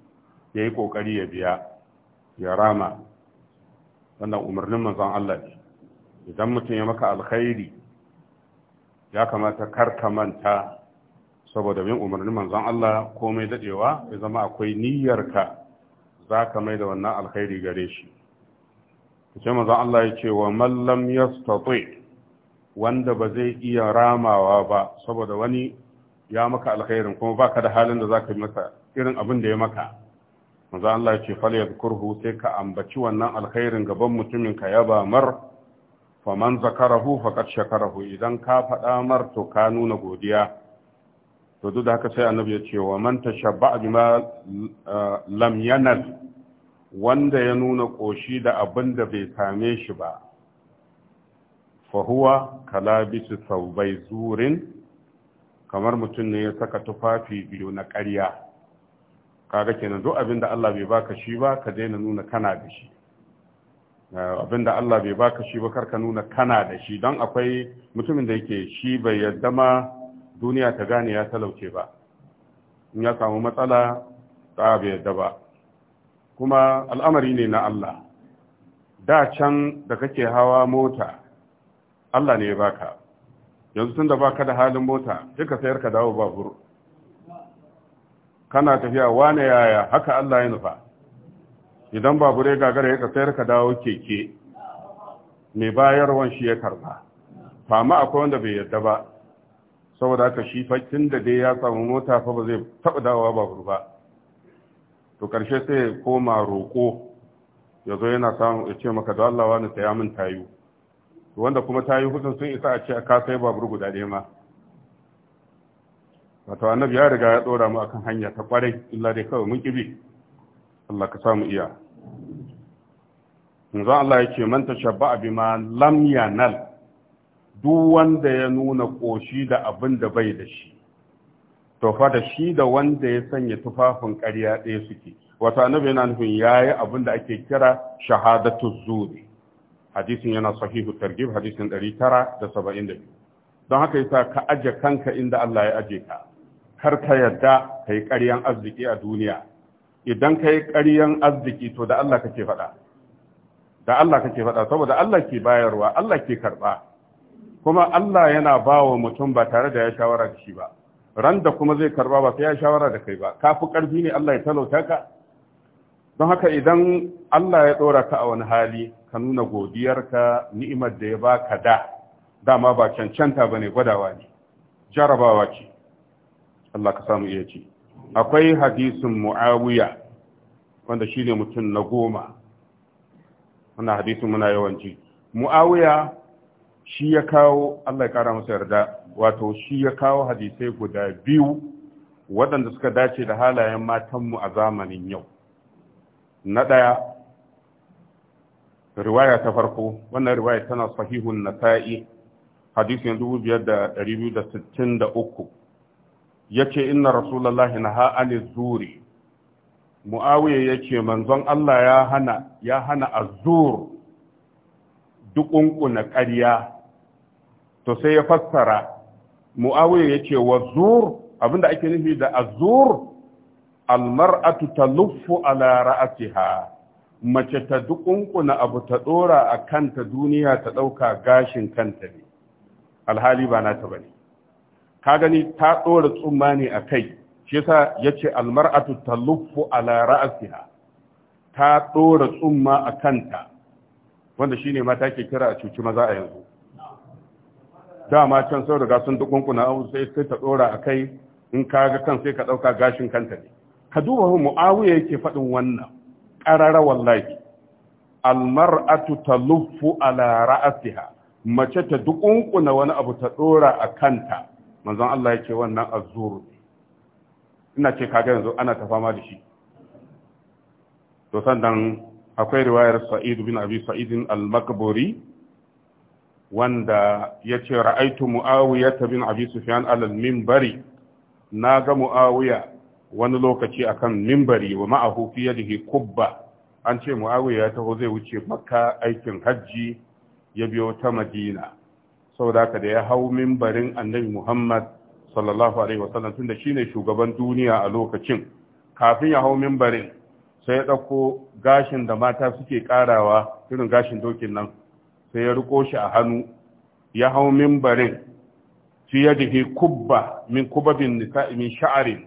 yayi kokari ya biya ya rama wannan umarnin manzon Allah idan mutum ya maka alkhairi ya kamata kar ka manta saboda bin umarnin manzon Allah komai dadewa ya zama akwai niyyarka za ka mai da wannan alkhairi gare shi ce manzon Allah ya ce wa man lam yastati wanda ba zai iya ramawa ba saboda wani ya maka alkhairin kuma baka da halin da zaka yi masa irin abin da ya maka manzon Allah ya ce fal yadhkurhu sai ka ambaci wannan alkhairin gaban mutumin ka ya ba mar wa man zakarahu faqad shakarahu idan ka faɗa mar to ka nuna godiya to duk da haka sai annabi ya ce wa man tashabba ma eh, lam yanal wanda ya nuna koshi da abinda bai same shi ba fa huwa kalabisu thawbai zurin kamar mutum ne ya saka tufafi biyu na ƙarya kaga kenan duk abin da Allah bai baka shi ba ka daina nuna kana da shi Eh, Abin da Allah bai baka shi ba karka nuna kana da shi don akwai mutumin da yake shi bai yadda ma duniya ta gane ya talauce ba in ya samu matsala ta bai yadda ba kuma al'amari ne na Allah da can da kake hawa mota Allah ne ya baka yanzu tun da baka da halin mota duka sayar ka dawo babur kana tafiya wane yaya haka Allah ya nufa idan babure gagara ya sayar ka dawo keke mai bayarwan shi ya karba ma akwai wanda bai yadda ba saboda haka shi fakin da dai ya samu mota fa ba zai taɓa dawowa babur ba to ƙarshe sai koma roƙo ya zo yana samu ya ce maka da Allah wani saya min tayu wanda kuma tayu hudun sun isa a ce ka sai babur guda ɗaya ma wato annabi ya riga ya ɗora mu akan hanya ta ƙwarai illa dai kawai mun kibi Allah ka samu iya yanzu Allah yake shabba abi ma lam yanal duk wanda ya nuna koshi da abin da bai da shi to fa da shi da wanda ya sanya tufafin ƙarya ɗaya suke wato annabi yana nufin yayi abin da ake kira shahadatu zuri hadisin yana sahihu targhib hadisin 972 don haka yasa ka aje kanka inda Allah ya aje ka kar ka yarda kai ƙaryan arziki a duniya idan ka yi ƙaryan arziki to da Allah kake faɗa da Allah kake faɗa saboda Allah ke bayarwa Allah ke karɓa kuma Allah yana ba wa mutum ba tare da ya shawara da shi ba ran da kuma zai karɓa ba sai ya shawara da kai ba ka fi ƙarfi ne Allah ya talauta ka don haka idan Allah ya ɗora ka a wani hali ka nuna godiyarka ni'imar da ya ba ka da dama ba cancanta ba ne gwadawa ne jarabawa ce Allah ka samu iya ci. akwai hadisin mu'awiya wanda shi ne mutum na goma wannan hadisin muna yawanci mu'awiya shi ya kawo allah ya kara masa yarda wato shi ya kawo hadisai guda biyu waɗanda suka dace da halayen matanmu a zamanin yau na ɗaya riwaya ta farko wannan riwaya tana sahihun nasa'i hadisin 2263 yace inna rasulullahi naha anil zuri muawiya yace manzon Allah ya hana ya hana azur dukunku na ƙarya to sai ya fassara muawiya yace wazzur abinda ake nufi da azur? almar'atu taluffu ala ra'atiha mace ta dukunkuna abu ta dora a kanta duniya ta dauka gashin kanta ne alhali ba na ta bane ka gani ta ɗora tsumma ne a kai shi yasa yace almar'atu taluffu ala ra'siha ta ɗora tsumma a kanta wanda shine mata ke kira a cuci maza a yanzu dama can sau riga sun dukunkuna abu sai sai ta ɗora a kai in ka ga kan sai ka ɗauka gashin kanta ne ka duba mu'awiya yake faɗin wannan ƙarara wallahi almar'atu talufu ala ra'siha mace ta dukunkuna wani abu ta ɗora a kanta manzon Allah yake wannan azzur ina ce kaga yanzu ana ta fama da shi to sannan akwai riwayar sa'id bin abi sa'id al-makburi wanda yace ra'aitu muawiya bin abi sufyan alal minbari na ga muawiya wani lokaci akan minbari wa ma'ahu fi yadihi kubba an ce muawiya ta taho zai wuce makka aikin hajji ya biyo ta madina saboda haka da ya hau mimbarin annabi Muhammad sallallahu alaihi wasallam tunda shine shugaban duniya a lokacin kafin ya hau mimbarin sai ya dauko gashin da mata suke ƙarawa irin gashin dokin nan sai ya riko shi a hannu ya hau mimbarin fi yadihi kubba min kubabin nisa'i min sha'arin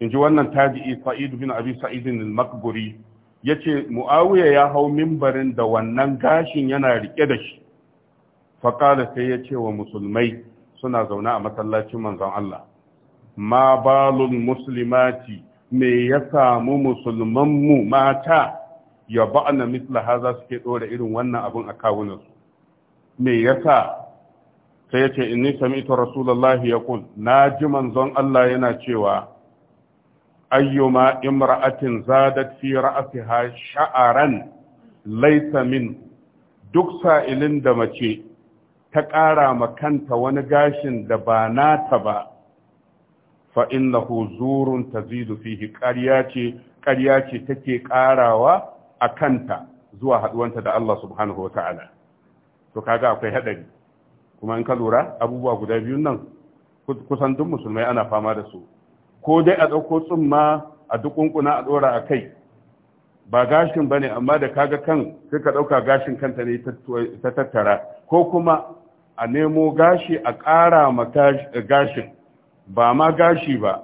in ji wannan tabi'i sa'id bin abi sa'id al-makburi yace muawiya ya hau mimbarin da wannan gashin yana rike da shi faƙala sai ya ce wa musulmai suna zaune a masallacin manzon Allah ma balun musulmati me ya samu musulmanmu mata ya ba'ana misla haza suke ɗora irin wannan abin a kawunansu me ya sa sai ya ce in sami ita rasulullahi ya kun na ji manzon Allah yana cewa ayyuma imra'atin zadat fi ra'siha sha'aran laysa min duk sa'ilin da mace ta ƙara kanta wani gashin da ba nata ba fa innahu zurun tazidu fihi ƙarya ce ƙarya ce take ƙarawa a kanta zuwa haɗuwanta da Allah subhanahu wa ta'ala to kaga akwai haɗari kuma in ka lura abubuwa guda biyun nan kusan duk musulmai ana fama da su ko dai a ɗauko tsumma a duk ƙunƙuna a ɗora a kai ba gashin ba ne amma da kaga kan sai ka ɗauka gashin kanta ne ta tattara ko kuma a nemo gashi a ƙara ma eh, gashin ba ma gashi ba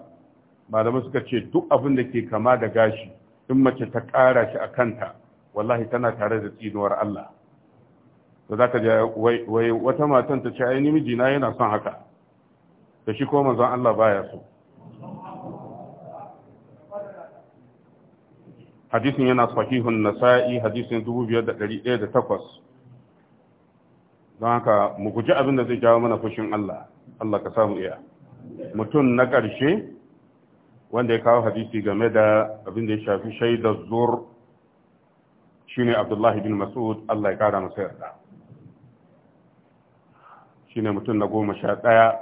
malamai suka ce duk abin da ke kama da gashi in mace ta ƙara shi a kanta wallahi tana tare da tsinuwar Allah to ka ji wai wata matan ta ce ai mijina yana son haka da shi koma zan Allah baya so hadisin yana sahihun nasa'i hadisin 2108 don haka mu guji abin da zai jawo mana fushin Allah Allah ka samu iya mutum na ƙarshe wanda ya kawo hadisi game da abin da ya shafi shaidar zur shine Abdullahi bin Mas'ud Allah ya kara masa yarda shine mutum na goma sha ɗaya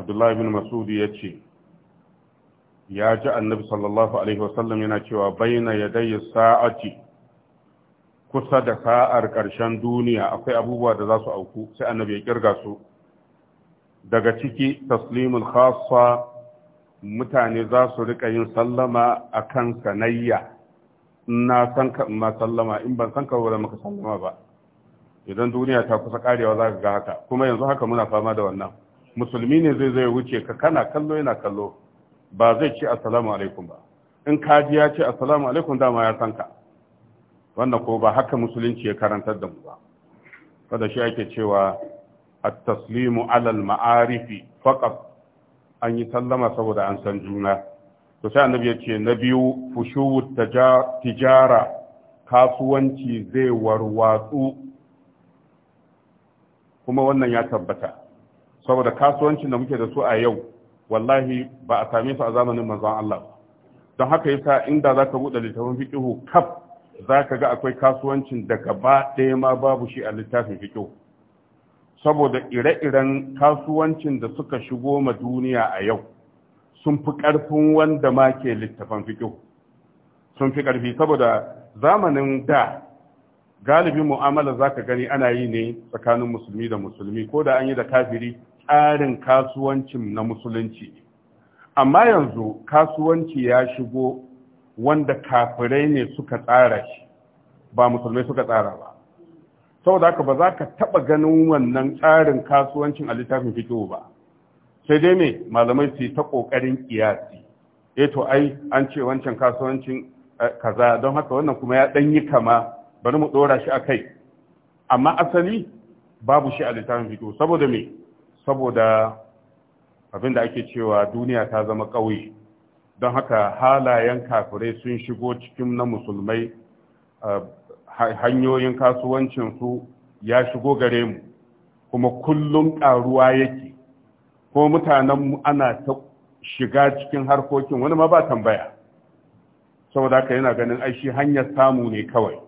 Abdullahi bin Mas'ud ya ce ya ji annabi sallallahu alaihi wasallam yana cewa bayyana yadayya sa'ati kusa da fa'ar ƙarshen duniya akwai abubuwa da za su auku sai annabi ya ƙirga su daga ciki taslimul khassa mutane za su riƙa yin sallama a kan sanayya na san ka ma sallama in ban san ka ba maka sallama ba idan duniya ta kusa karewa za ka ga haka kuma yanzu haka muna fama da wannan musulmi ne zai zai wuce ka kana kallo yana kallo ba zai ce assalamu alaikum ba in ka ji ya ce assalamu alaikum dama ya san ka wannan ko ba haka musulunci ya karantar da mu ba kada shi ake cewa at-taslimu alal ma'arifi faqat an yi sallama saboda an san juna to sai annabi ya ce na biyu fushuwu tijara kasuwanci zai warwatsu kuma wannan ya tabbata saboda kasuwancin da muke da su a yau wallahi ba a same su a zamanin manzon Allah don haka yasa inda zaka bude littafin fiqhu kaf za ka ga akwai kasuwancin da gaba ɗaya ma babu shi a littafin fito saboda ire-iren kasuwancin da suka shigo ma duniya a yau sun fi ƙarfin wanda ma ke littafan fito sun fi ƙarfi saboda zamanin da galibin mu'amala za ka gani ana yi ne tsakanin musulmi da musulmi ko da an yi da kafiri tsarin kasuwancin na musulunci amma yanzu kasuwanci ya shigo wanda kafirai ne suka tsara shi ba musulmai suka tsara ba saboda haka ba za ka taba ganin wannan tsarin kasuwancin a littafin fito ba sai dai me malamai su yi ta kokarin kiyasi eh to ai an ce wancan kasuwancin eh, kaza don haka wannan kuma ya dan yi kama bari mu dora shi a kai. amma asali babu shi a littafin fito saboda me saboda abin ake cewa duniya ta zama ƙauye don haka halayen kafirai sun shigo cikin na musulmai eh, hanyoyin kasuwancinsu ya shigo gare mu kuma kullum ƙaruwa yake ko mutanenmu ana ta shiga cikin harkokin wani ma ba tambaya saboda haka yana ganin aishi hanyar samu ne kawai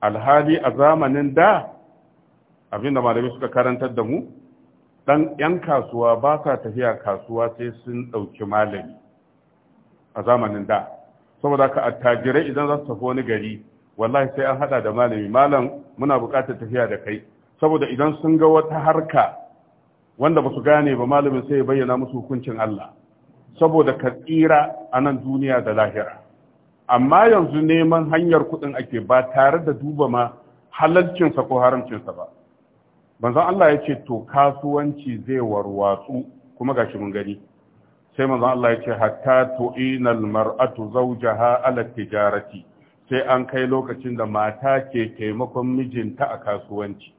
alhali a zamanin da abinda malami suka karantar da mu dan yan kasuwa ba sa tafiya kasuwa sai sun ɗauki malami a zamanin da saboda ka attajirai idan za su tafi wani gari wallahi sai an hada da malami malam muna buƙatar tafiya da kai saboda idan sun ga wata harka wanda ba su gane ba malamin sai ya bayyana musu hukuncin Allah saboda ka tsira a nan duniya da lahira amma yanzu neman hanyar kuɗin ake ba tare da duba ma halalcinsa ko haramcinsa ba banzan Allah ya ce to kasuwanci zai warwatsu kuma gashi mun gani sai manzo Allah ya ce hatta tu'ina almar'atu zawjaha ala tijarati sai an kai lokacin da mata ke taimakon mijinta a kasuwanci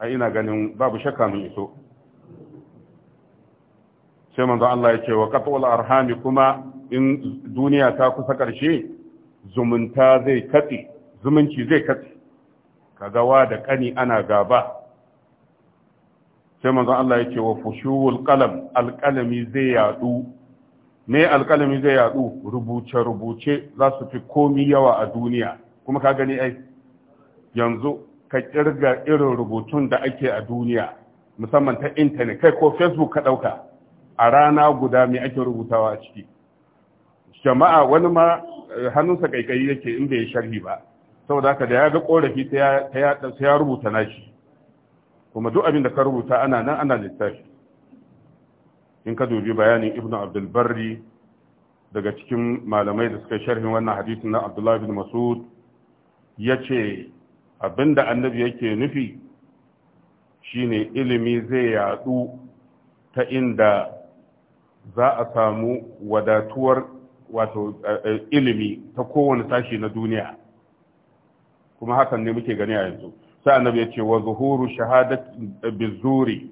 Ai ina ganin babu shakka mun iso sai manzo Allah ya ce wa qatul arhami kuma in duniya ta kusa karshe zumunta zai katse zumunci zai katse kaga wa da kani ana gaba sai manzon Allah ce wa fushuwul qalam alqalami zai yadu me alqalami zai yadu rubuce rubuce za su fi komi yawa a duniya kuma ka gani ai yanzu ka kirga irin rubutun da ake a duniya musamman ta intanet kai ko facebook ka dauka a rana guda me ake rubutawa a ciki jama'a wani ma eh, hannunsa kai-kai yake in bai sharhi ba saboda haka da ya ga korafi ta ya rubuta nashi kuma duk abin da ka rubuta ana nan ana littafi in ka dubi bayanin ibnu abdul barri daga cikin malamai da suka sharhin wannan hadisin na abdullahi bin masud ya ce abinda annabi yake nufi shine ilimi zai yadu ta inda za a samu wadatuwar wato eh, eh, ilimi ta kowane sashi na duniya kuma hakan ne muke gani a yanzu sai annabi ya ce wa zuhuru shahadat bizuri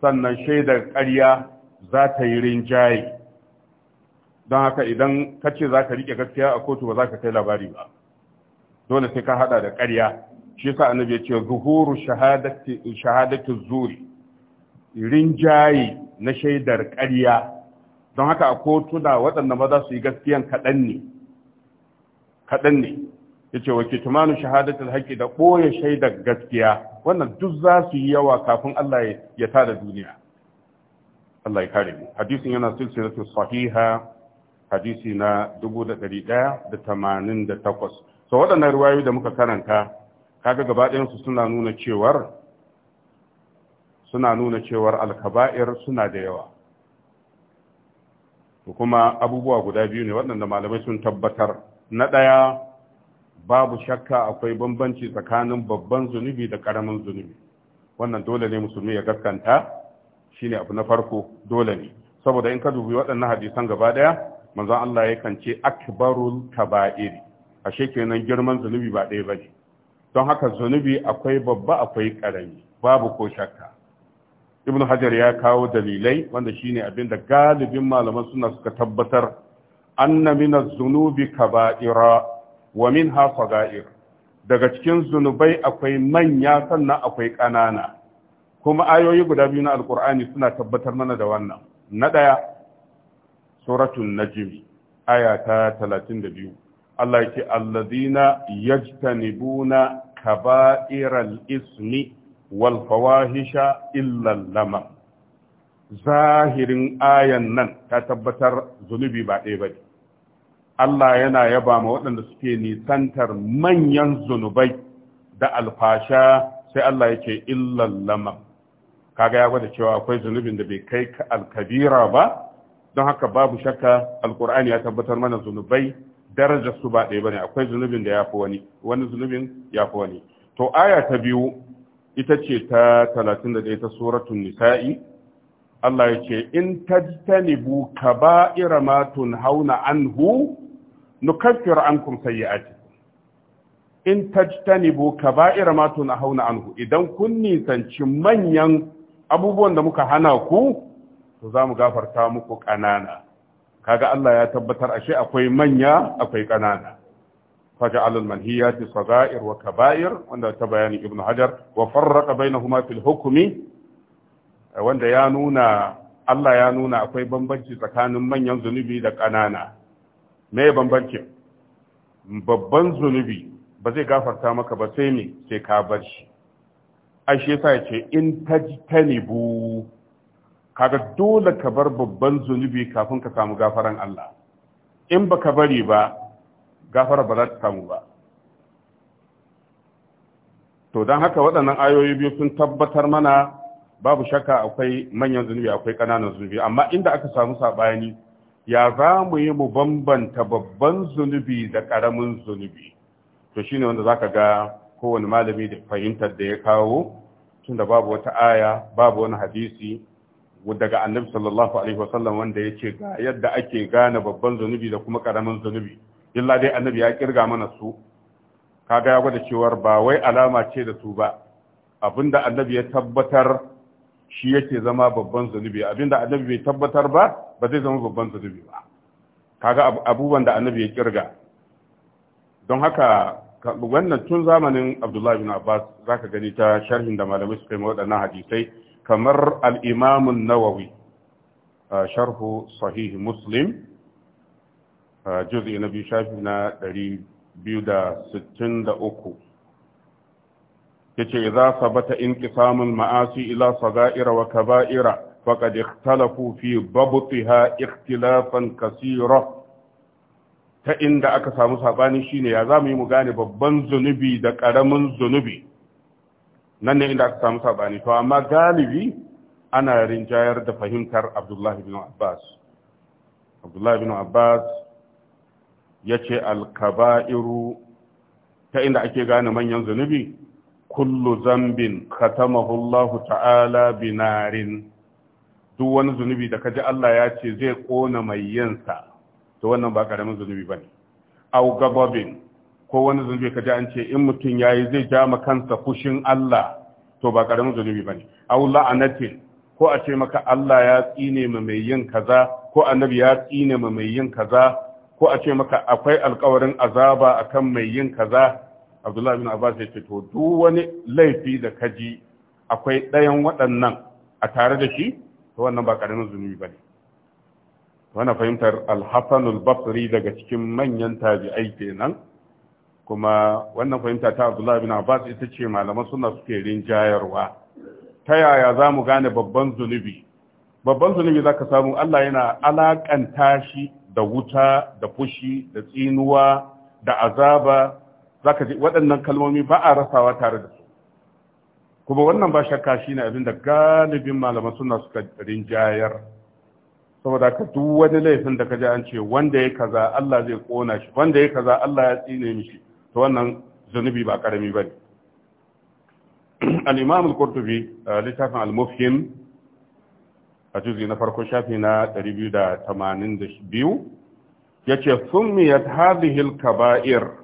sannan shaidar ƙarya za ta yi rinjaye don haka idan ka ce za ka riƙe gaskiya a kotu ba za ka kai labari ba dole sai ka haɗa da ƙarya shi sa annabi ya ce zuhuru shahadat zuri rinjaye na shaidar ƙarya don haka a kotuna waɗanda ba za su yi gaskiyan kaɗan ne kaɗan ne yace wa kitmanu shahadatul haqqi da boye shaidar gaskiya wannan duk za su yi yawa kafin Allah ya tada duniya Allah ya kare mu hadisin yana silsilatu sahiha hadisi na 1188 so waɗannan ruwayoyi da muka karanta kaga gaba ɗayan su suna nuna cewar suna nuna cewar alkaba'ir suna da yawa kuma abubuwa guda biyu ne waɗanda malamai sun tabbatar na ɗaya babu shakka akwai bambanci tsakanin babban zunubi da karamin zunubi wannan dole ne musulmi ya gaskanta shine abu na farko dole ne saboda in ka dubi waɗannan hadisan gaba ɗaya manzon Allah yakan ce akbarul kaba'iri ashe kenan girman zunubi ba ɗaya bane don haka zunubi akwai babba akwai karami babu ko shakka ibnu hajar ya kawo dalilai wanda shine abin da galibin malaman suna suka tabbatar anna min az-zunubi kaba'ira wa min minha sagair daga cikin zunubai akwai manya sannan akwai ƙanana kuma ayoyi guda biyu na alkur'ani suna tabbatar mana da wannan na ɗaya suratul najmi aya ta 32 Allah yake allazina yajtanibuna kaba'iral ismi wal fawahisha illa lama zahirin ayan nan ta tabbatar zunubi ba ɗaya ba Allah yana yaba ma waɗanda suke nisantar manyan zunubai da alfasha sai Allah yake illan lama kaga ya gwada cewa akwai zunubin da bai kai ka alkabira ba don haka babu shakka alkur'ani ya tabbatar mana zunubai Daraja su ba ɗaya bane akwai zunubin da ya fi wani wani zunubin ya fi wani to aya ta biyu ita ce ta 31 ta suratul nisa'i Allah ya ce in tajtanibu kaba'ira ma tunhauna anhu nukaffir ankum sayyi'ati in tajtanibu kaba'ir hau na anhu idan kun nisanci manyan abubuwan da muka hana ku to za mu gafarta muku ƙanana kaga Allah ya tabbatar ashe akwai manya akwai ƙanana فجعل المنهيات صغائر وكبائر وند تبيان ابن حجر وفرق بينهما في الحكم وند يا نونا Allah ya nuna akwai bambanci tsakanin manyan zunubi da ƙanana me bambancin babban zunubi ba zai gafarta maka ba sai ne sai ka bar shi a shi yasa ce in ta ta ji tajtanibu kaga dole ka bar babban zunubi kafin ka samu gafaran Allah in baka bari ba gafara ba za ta samu ba to don haka waɗannan ayoyi biyu sun tabbatar mana babu shakka akwai manyan zunubi akwai ƙananan zunubi amma inda aka samu saɓani ya za mu yi mu bambanta babban zunubi da ƙaramin zunubi to shine wanda za ka ga kowane malami da fahimtar da ya kawo tunda babu wata aya babu wani hadisi daga annabi sallallahu alaihi wasallam wanda ya ce ga yadda ake gane babban zunubi da kuma ƙaramin zunubi illa dai annabi ya kirga mana su kaga ya gwada cewar ba wai alama ce da su ba abinda annabi ya tabbatar shi yake zama babban zunubi abinda annabi bai tabbatar ba ba zai zama babban zunubi ba kaga abubuwan da annabi ya kirga don haka wannan tun zamanin abdullahi bin abbas zaka gani ta sharhin da malamai suka yi waɗannan hadisai kamar al-imam nawawi sharhu sahih muslim juz'i na biyu shafi na uku. yace idza sabata inqisamul ma'asi ila sagaira wa kaba'ira faqad ikhtalafu fi babtiha ikhtilafan kaseera ta inda aka samu sabani shine ya zamu yi mu gane babban zunubi da karamin zunubi nan ne inda aka samu sabani to amma galibi ana rinjayar da fahimtar Abdullah ibn Abbas Abdullah ibn Abbas yace al-kaba'iru ta inda ake gane manyan zunubi kullu zambin khatamahu Allah ta'ala binarin duk wani zunubi da kaji Allah ya ce zai ƙona mai yinsa to wannan ba ƙaramin zunubi ba ne. au gababin ko wani zunubi kaji an ce in mutum ya yi zai ja ma kansa fushin Allah to ba ƙaramin zunubi ba bane au la'anatin ko a ce maka Allah ya tsine ma mai yin kaza ko annabi ya tsine ma mai yin kaza ko a ce maka akwai alƙawarin azaba akan mai yin kaza abdullahi bin abbas ya ce to duk wani laifi da kaji akwai ɗayan waɗannan a tare da shi to wannan ba karamin zunubi bane wannan fahimtar al-hasan basri daga cikin manyan tabi'ai kenan kuma wannan fahimta ta abdullahi bin abbas ita ce malaman suna suke rinjayarwa ta yaya za mu gane babban zunubi babban zunubi za ka samu allah yana alaƙanta shi da wuta da fushi da tsinuwa da azaba zaka ji waɗannan kalmomi ba a rasawa tare da su kuma wannan ba shakka shi ne da galibin malaman suna suka rinjayar saboda ka duk wani laifin da ka ji an ce wanda ya kaza Allah zai kona shi wanda ya kaza Allah ya tsine mishi to wannan zunubi ba karami ba ne al-imam al-qurtubi littafin al-mufhim a juzi na farko shafi na 282 yace summiyat hadhihi al-kaba'ir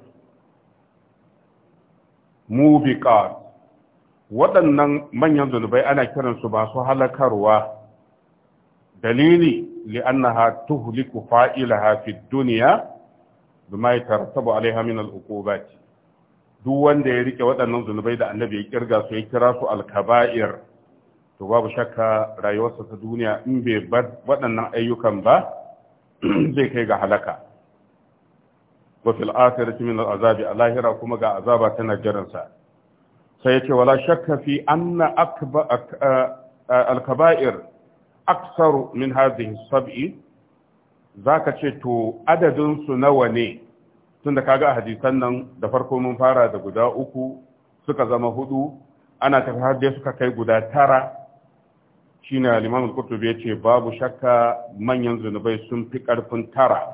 mubiqat waɗannan manyan zunubai ana kiransu ba su halakarwa dalili annaha tuhliku fa'ilaha fi dunya bima yatarattabu alaiha min al-uqubat duk wanda ya rike waɗannan zunubai da annabi ya kirga su ya kira su al-kaba'ir to babu shakka rayuwarsa ta duniya in bai bar waɗannan ayyukan ba [CLEARS THROAT] zai kai ga halaka wa fil akhirati min al'azabi a lahira kuma ga azaba tana jiransa sai yace wala shakka fi anna akba al-kaba'ir aksar min hisab'i. sab'i zaka ce to adadinsu nawa ne tunda ka ga hadisan nan da farko mun fara da guda uku suka zama huɗu. ana tafi har dai suka kai guda tara shine al-imam al-qurtubi yace babu shakka manyan zunubai sun fi karfin tara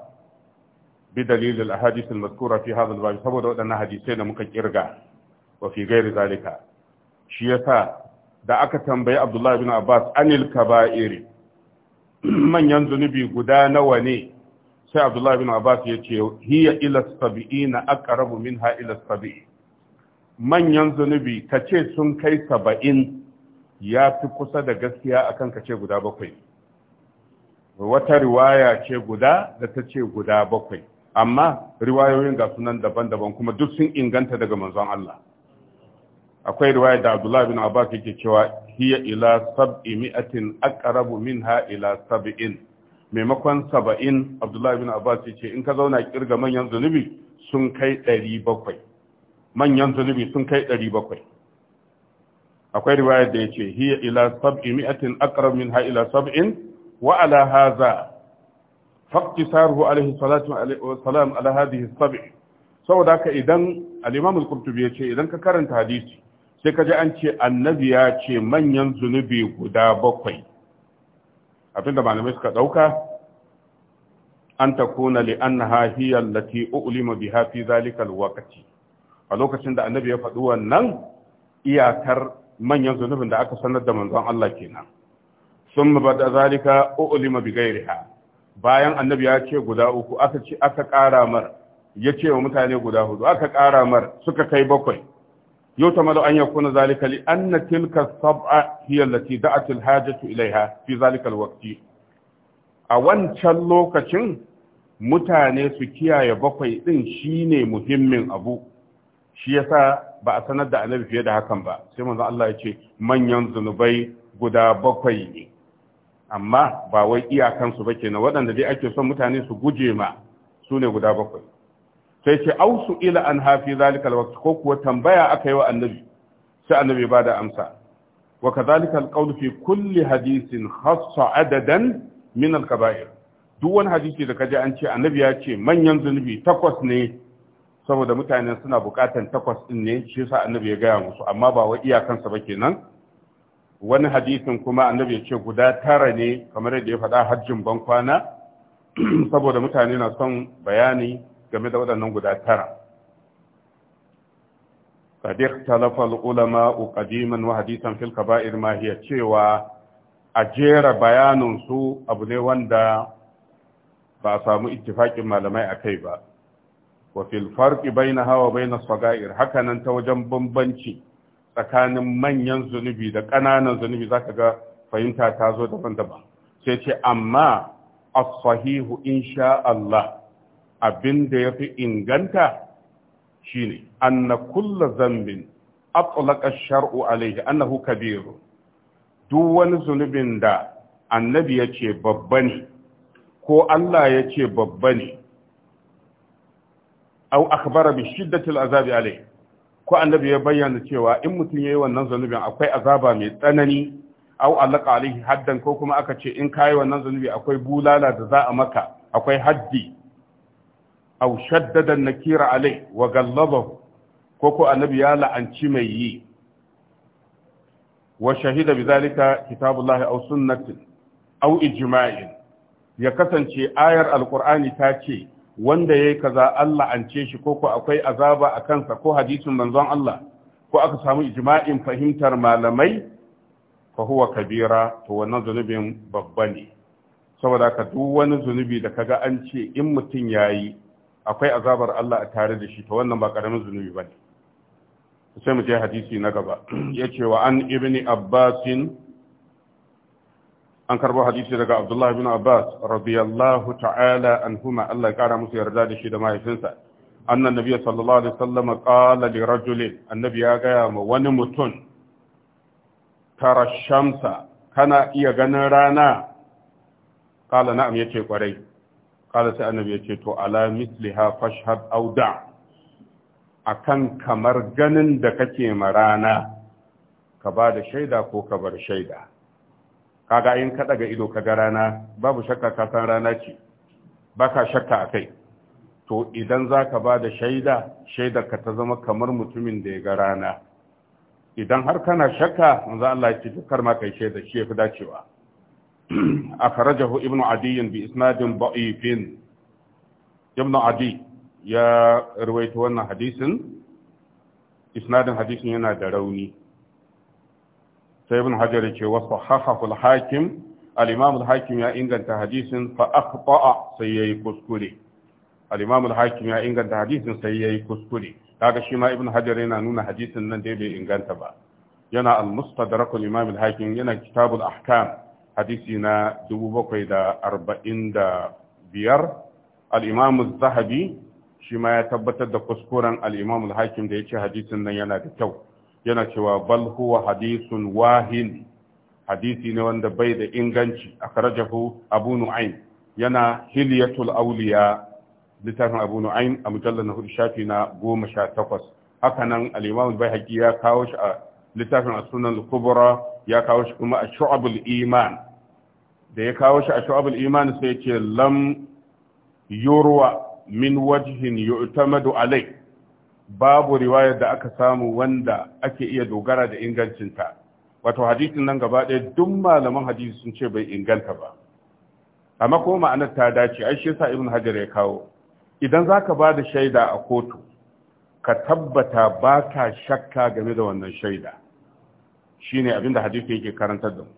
بدليل الأحاديث المذكورة في هذا الباب سبب أن حديثين مكيرغا وفي غير ذلك شيسا da aka tambayi Abdullahi bin Abbas anil kaba'iri manyan zunubi guda nawa ne sai Abdullahi bin Abbas ya ce hiya ila sab'ina aqrabu minha ila sab'i manyan zunubi kace sun kai saba'in ya fi kusa da gaskiya akan kace guda bakwai wata riwaya ce guda da ta ce guda bakwai amma riwayoyin ga sunan daban-daban kuma duk sun inganta daga manzon Allah akwai riwaya da Abdullah bin Abbas yake cewa hiya ila sab'i mi'atin aqrabu minha ila sab'in maimakon saba'in Abdullah bin Abbas yake in ka zauna kirga manyan zunubi sun kai 700 manyan zunubi sun kai 700 akwai riwaya da yace hiya ila sab'i mi'atin aqrabu minha ila sab'in wa ala hadha faqtisaruhu alaihi salatu wa salam ala hadhihi sab'i saboda haka idan al-imam ya ce idan ka karanta hadisi sai ka je an ce annabi ya ce manyan zunubi guda bakwai abinda malamai suka ɗauka an takuna li annaha hiya allati u'lima biha fi zalika al a lokacin da annabi ya faɗi wannan iyakar manyan zunubin da aka sanar da manzon Allah kenan sun bada zalika u'lima bi ghairiha bayan annabi ya ce guda uku aka ce aka ƙara mar ya ce wa mutane guda hudu aka ƙara mar suka kai bakwai yau ta malu an kuna zalika li anna tilka sab'a hiya lati da'at al-hajatu ilaiha fi zalika al-waqti a wancan lokacin mutane su kiyaye bakwai din shine muhimmin abu shi yasa ba a sanar da annabi fiye da hakan ba sai manzo Allah ya ce manyan zunubai guda bakwai ne amma ba wai iyakansu ba kenan waɗanda dai ake son mutane su guje ma su ne guda bakwai sai ce ausu ila an hafi zalikal waqt ko kuwa tambaya aka yi wa annabi sai annabi ba da amsa wa zalikal alqawl fi kulli hadithin khassa adadan min alkaba'ir duk wani hadisi da kaji an ce annabi ya ce manyan zunubi takwas ne saboda mutane suna bukatan takwas din ne shi yasa annabi ya gaya musu amma ba wai iyakansa ba kenan wani hadisin kuma annabi ya ce guda tara ne kamar yadda ya faɗa hajjin ban kwana [CLEARS THROAT] saboda mutane na son bayani game da waɗannan guda tara قد ulama العلماء wa hadisan fil kaba'ir ma hiya cewa a jera su abu ne wanda ba a samu ittifaƙin malamai a kai ba wa fil farqi bainaha wa bainas sagair hakanan ta wajen bambanci tsakanin manyan zunubi da ƙananan zunubi zaka ga fahimta ta zo daban-daban sai ce amma as-sahihu insha Allah abin da fi inganta shine anna kullu zambin atlaqa sharu alayhi annahu kabiru duk wani zunubin da annabi ya ce babba ne ko Allah ya ce babba ne au akhbara bi shiddatil azabi alayhi ko annabi ya bayyana cewa in mutum yayi wannan zanubin akwai azaba mai tsanani au alaka alaihi haddan ko kuma aka ce in kayi wannan zanubi akwai bulala da za a maka akwai haddi au shaddada nakira alai wa gallabahu ko ko annabi ya la'anci mai yi wa shahida bizalika kitabullahi aw sunnatin aw ijma'in ya kasance ayar alqur'ani ta ce wanda yayi kaza Allah an ce shi ko ko akwai azaba a kansa ko hadisin manzon Allah ko aka samu ijma'in fahimtar malamai fa huwa kabira to wannan zunubin babba ne saboda ka duk wani zunubi da kaga an ce in mutum yayi akwai azabar Allah a tare da shi to wannan ba karamin zunubi bane sai mu je hadisi na gaba [CLEARS THROAT] yace wa an ibni abbasin an karbo hadisi daga Abdullahi bin Abbas radiyallahu ta'ala anhuma Allah ya kara musu yarda da shi da mahaifinsa annan nabi sallallahu alaihi wasallam qala li rajulin annabi ya gaya ma wani mutum tara shamsa kana iya ganin rana qala na'am yace kwarai qala sai annabi yace to ala misliha fashhad aw da akan kamar ganin da kake ma rana ka ba da shaida ko ka bar shaida kaga in ka daga ido kaga rana babu shakka ka san rana ce baka shakka akai to idan zaka ba da shaida shaidar ka ta zama kamar mutumin da ya ga rana idan har kana shakka manzo Allah ya ce dukkan ma kai shaida shi yafi dacewa [CLEARS THROAT] akhrajahu ibnu adi bi isnadin da'ifin ibnu Adi, ya ruwaito wannan hadisin isnadin hadisin yana da rauni sai ibn hajar ce wa sahahahu hakim al-imam al-hakim ya inganta hadisin fa akhta'a sai yayi kuskure al-imam al-hakim ya inganta hadisin sai yayi kuskure kaga shi ma ibn hajar yana nuna hadisin nan dai bai inganta ba yana al-mustadrak al-imam al-hakim yana kitabul ahkam hadisi na 745 al-imam az-zahabi shi ma ya tabbatar da kuskuren al-imam al-hakim da yace hadisin nan yana da kyau yana cewa bal huwa hadisun wahin hadisi ne wanda bai da inganci akhrajahu abu nu'aym yana hilyatul awliya littafin abu nu'aym a mujallal na hudu shafi na goma sha takwas haka nan al-imam al ya kawo shi a littafin as-sunan al-kubra ya kawo shi kuma a shu'abul iman da ya kawo shi a shu'abul iman sai ya ce lam yurwa min wajhin yu'tamadu alai. babu riwayar da aka samu wanda ake iya dogara da ingancinta wato hadisin nan gaba ɗaya duk malaman hadisi sun ce bai inganta ba amma ko ma'anar ta dace ai shi yasa ibn hajar ya kawo idan zaka ba da shaida a kotu ka tabbata ba ka shakka game da wannan shaida shine abinda hadisi yake karantar da mu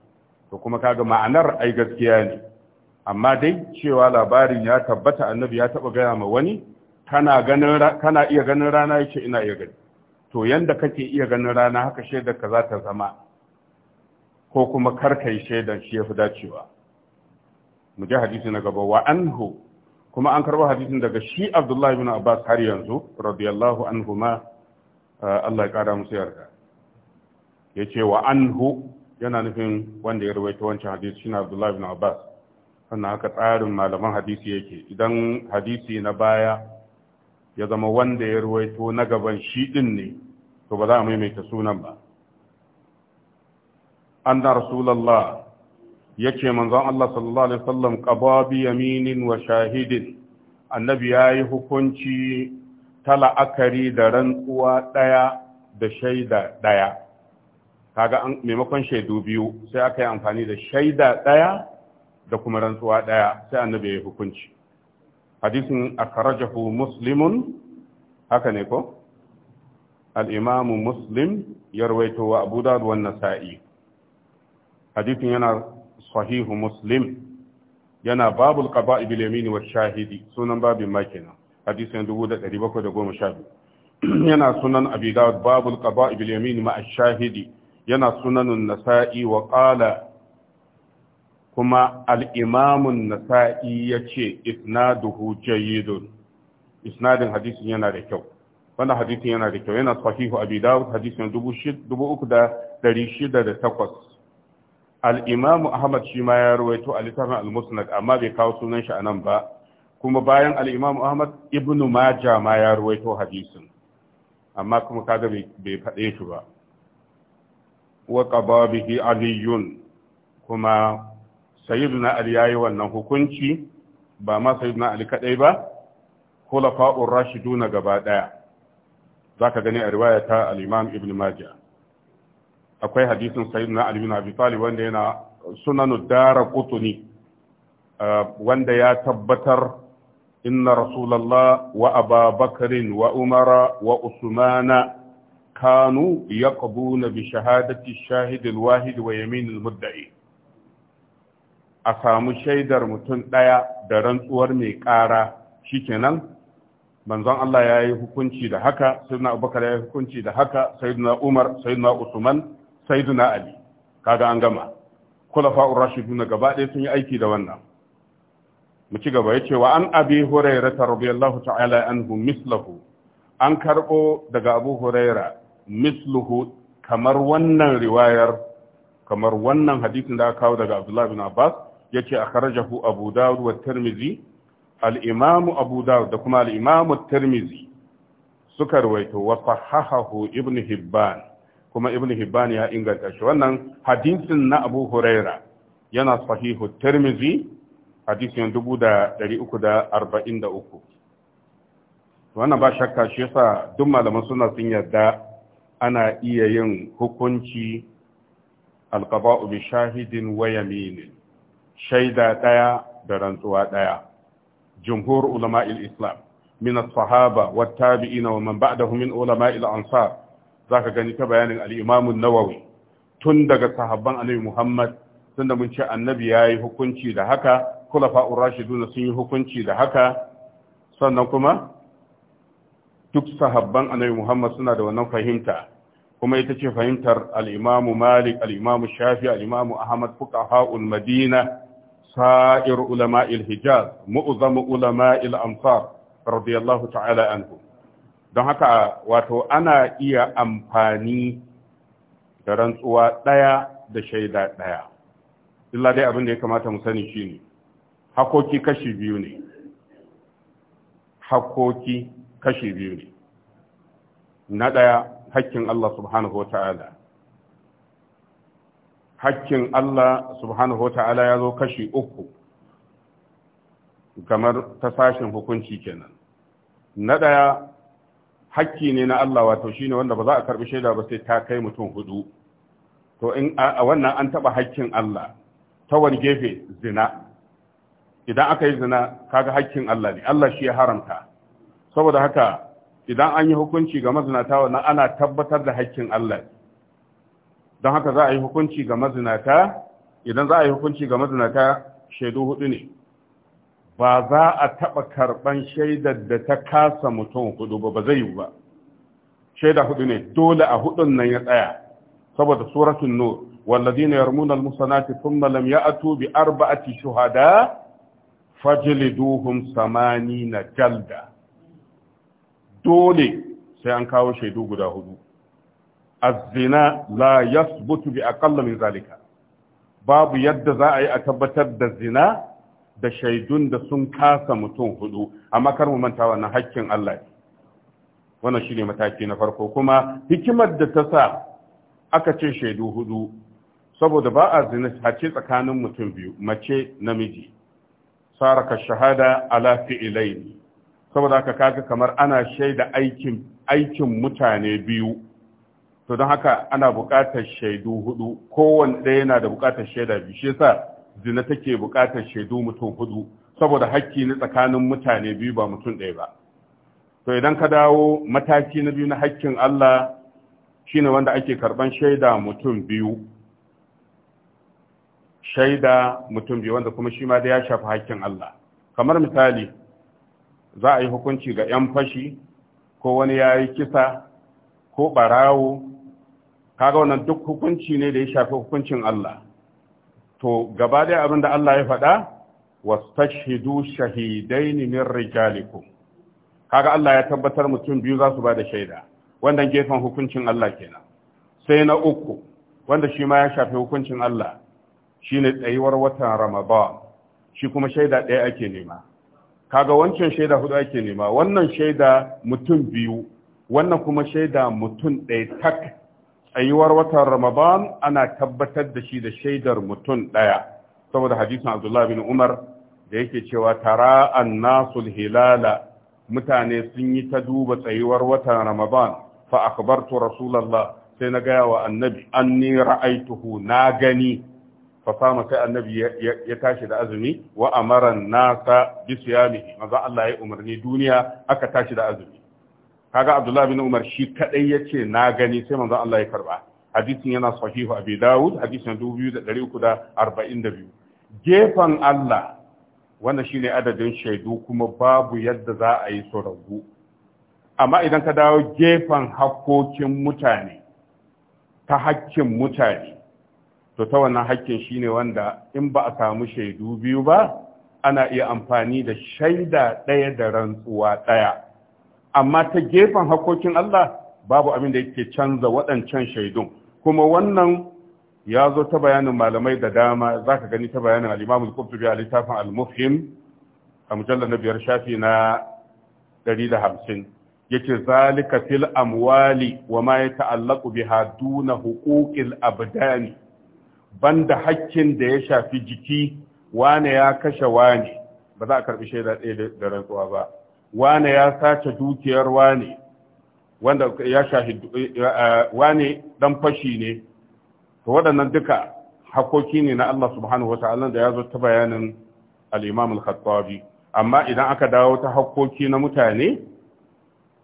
to kuma kaga ma'anar ai gaskiya ne amma dai cewa labarin ya tabbata annabi ya taba gaya ma wani kana ganin kana iya ganin rana yace ina iya gani to yanda kake iya ganin rana haka shaidar ka za ta zama ko kuma ka yi shi yafi dacewa mu ji hadisi na gaba wa anhu kuma an karbo hadisin daga shi Abdullahi ibn Abbas har yanzu radiyallahu ma, uh, Allah ya kara musu yarda yace wa anhu yana nufin wanda ya rawaito wancan hadisi shine Abdullahi ibn Abbas sannan haka tsarin malaman hadisi yake idan hadisi na baya ya zama wanda ya ruwaito na gaban shi din ne to ba za a maimaita sunan ba anna rasulullah yace manzon Allah sallallahu alaihi wasallam qababi yaminin wa shahidin annabi yayi hukunci ta la'akari da rantsuwa daya da shaida daya kaga an maimakon shaidu biyu sai aka yi amfani da shaida daya da kuma rantsuwa daya sai annabi ya hukunci hadisin akarajahu muslimun haka ne ko al'imamu muslim ya rawaito wa abu dawud wan nasa'i hadisin yana sahihu muslim yana babul qada'i bil yamini wash shahidi sunan babin makina hadisin 1712 [CLEARS THROAT] yana sunan abi babul qada'i bil yamini ma ash shahidi yana sunanun nasa'i wa qala kuma al'imamun nasa'i ya ce isnaduhu jayidun isnadin hadisin yana da kyau wanda hadisin yana da kyau yana sahihu abi dawud hadisin 3608 al'imamu ahmad shi ma ya ruwaito a littafin al-musnad amma bai kawo sunan shi a nan ba kuma bayan al'imamu ahmad ibnu maja ma ya ruwaito hadisin amma kuma kaga bai faɗe shi ba wa ƙaba bihi aliyun kuma sayyiduna ali yayi wannan hukunci ba ma sayyiduna ali kadai ba khulafa'ur rashiduna gaba daya zaka gani a riwaya ta al-imam ibn majah akwai hadisin sayyidina ali bin abi talib wanda yana uh, wanda ya tabbatar inna rasulullah wa ababakarin wa umara wa usmana kanu yaqbuna bi shahadati ash-shahid al-wahid wa yamin al-mudda'i a samu shaidar mutum ɗaya da rantsuwar mai ƙara Shi shikenan manzon Allah ya yi hukunci da haka sayyidina Abubakar ya yi hukunci da haka sayyidina Umar sayyidina Usman sayyidina Ali kaga an gama Kula rashidu na gaba ɗaya sun yi aiki da wannan mu ci gaba yace wa an abi hurairah radiyallahu ta'ala anhu mislahu an karbo daga abu misluhu kamar wannan riwayar kamar wannan hadisin da aka kawo daga abdullahi bin abbas yace akhrajahu abu dawud wa tirmidhi al-imam abu dawud da kuma Al'imamu imam suka rawaito wa sahahahu ibn hibban kuma ibn hibban ya inganta shi wannan hadisin na abu huraira yana sahihu tirmidhi hadisin uku. wannan ba shakka shi yasa duk malaman suna sun yarda ana iya yin hukunci alqaba'u bi shahidin wa yaminin shaida ɗaya da rantsuwa ɗaya jumhur ulama islam min as-sahaba wa tabi'ina wa man ba'dahu min ulama al-ansar zaka gani ta bayanin al-imam an-nawawi tun daga sahabban annabi muhammad tunda mun ce annabi yayi hukunci da haka khulafa ar sun yi hukunci da haka sannan kuma duk sahabban annabi muhammad suna da wannan fahimta kuma ita ce fahimtar al'imamu malik al'imamu shafi al'imamu ahmad fuka ha'ul madina سائر علماء الحجاز معظم علماء الأمصار رضي الله تعالى عنهم don haka wato ana iya amfani da rantsuwa ɗaya da shaida ɗaya illa dai abin da ya kamata mu sani shine hakoki kashi biyu ne hakoki kashi biyu ne na ɗaya hakkin Allah subhanahu wa ta'ala hakkin Allah subhanahu wa ta'ala ya zo kashi uku kamar ta sashen hukunci kenan na ɗaya hakki ne na Allah wato shine wanda ba za a karbi shaida ba sai ta kai mutum hudu to in a wannan an taba hakkin Allah ta wani gefe zina idan aka yi zina kaga hakkin Allah ne Allah shi ya haramta saboda haka idan an yi hukunci ga mazinata wannan ana tabbatar da hakkin Allah don haka za a yi hukunci ga mazinata idan za a yi hukunci ga mazinata shaidu hudu ne ba za a taɓa karɓan shaidar da ta kasa mutum hudu ba ba zai yi ba shaida hudu ne dole a hudun nan ya tsaya saboda suratul nur والذين يرمون ya ثم لم يأتوا بأربعة شهداء فجلدوهم ثمانين جلدة dole sai an kawo shaidu guda hudu az-zina la yasbutu bi aqalla min zalika babu yadda za a yi a tabbatar da zina da shaidun da sun kasa mutum hudu amma kar mu manta wannan hakkin Allah ne wannan shine mataki na farko kuma hikimar da ta sa aka ce shaidu hudu saboda ba a zina hace tsakanin mutum biyu mace namiji saraka shahada ala fi'ilaini saboda haka kaga kamar ana shaida aikin aikin mutane biyu to don haka ana buƙatar shaidu hudu kowanne ɗaya yana da buƙatar shaida biyu shi yasa zina take buƙatar shaidu mutum hudu saboda hakki na tsakanin mutane biyu ba mutum ɗaya ba to idan ka dawo mataki na biyu na hakkin Allah shine wanda ake karban shaida mutum biyu shaida mutum biyu wanda kuma shi ma da ya shafi hakkin Allah kamar misali za a yi hukunci ga 'yan fashi ko wani ya yi kisa ko barawo kaga wannan duk hukunci ne da ya shafi hukuncin Allah to gaba da abin da Allah ya faɗa wastashhidu shahidaini min rijalikum kaga Allah ya tabbatar mutum biyu za su ba da shaida wannan gefen hukuncin Allah kenan sai na uku wanda shi ma ya shafi hukuncin Allah shine tsayuwar watan Ramadan shi kuma shaida ɗaya ake nema kaga wancan shaida hudu ake nema wannan shaida mutum biyu wannan kuma shaida mutum ɗaya tak tsayuwar watan Ramadan ana tabbatar da shi da shaidar mutum ɗaya saboda hadisin Abdullah bin Umar da yake cewa tara annasul hilala mutane sun yi ta duba tsayuwar watan Ramadan fa akbartu Rasulullah sai na gaya wa annabi anni ra'aituhu na gani fa sama sai annabi ya tashi da azumi wa amara nasa bi siyamihi maza Allah ya umarni duniya aka tashi da azumi kaga abdullah bin umar shi kadai yace na gani sai manzon Allah ya karba hadisin yana sahihu abi daud hadisin 2342 gefan Allah wannan shine adadin shaidu kuma babu yadda za a yi su ragu amma idan ka dawo gefan hakkokin mutane ta hakkin mutane to ta wannan hakkin shine wanda in ba a samu shaidu biyu ba ana iya amfani da shaida ɗaya da rantsuwa ɗaya amma ta gefen hakokin Allah babu abin da yake canza waɗancan shaidun kuma wannan ya zo ta bayanin malamai da dama za ka gani ta bayanin al da a littafin al a mujallar na biyar shafi na 150 yake zalika fil amwali wa ma yata'allaqu biha duna huquqil abdani banda hakkin da ya shafi jiki wane ya kashe wane ba za a karɓi shaida ɗaya da rantsuwa ba wane ya sace dukiyar wane wanda ya wane dan fashi ne to waɗannan duka hakoki ne na Allah subhanahu wata'ala da ya zo ta bayanin al-Imam al-Khattabi amma idan aka dawo ta hakoki na mutane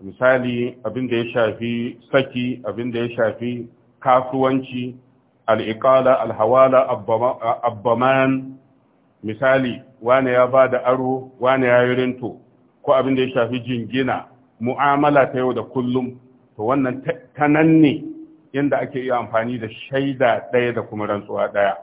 misali abin da ya shafi saki abin da ya shafi kasuwanci al-iqala al-hawala abbaman misali wane ya ba da aro wane ya yi rinto ko abin da ya shafi jingina mu'amala ta yau da kullum to wannan ta nan ne inda ake iya amfani da shaida ɗaya da kuma rantsuwa ɗaya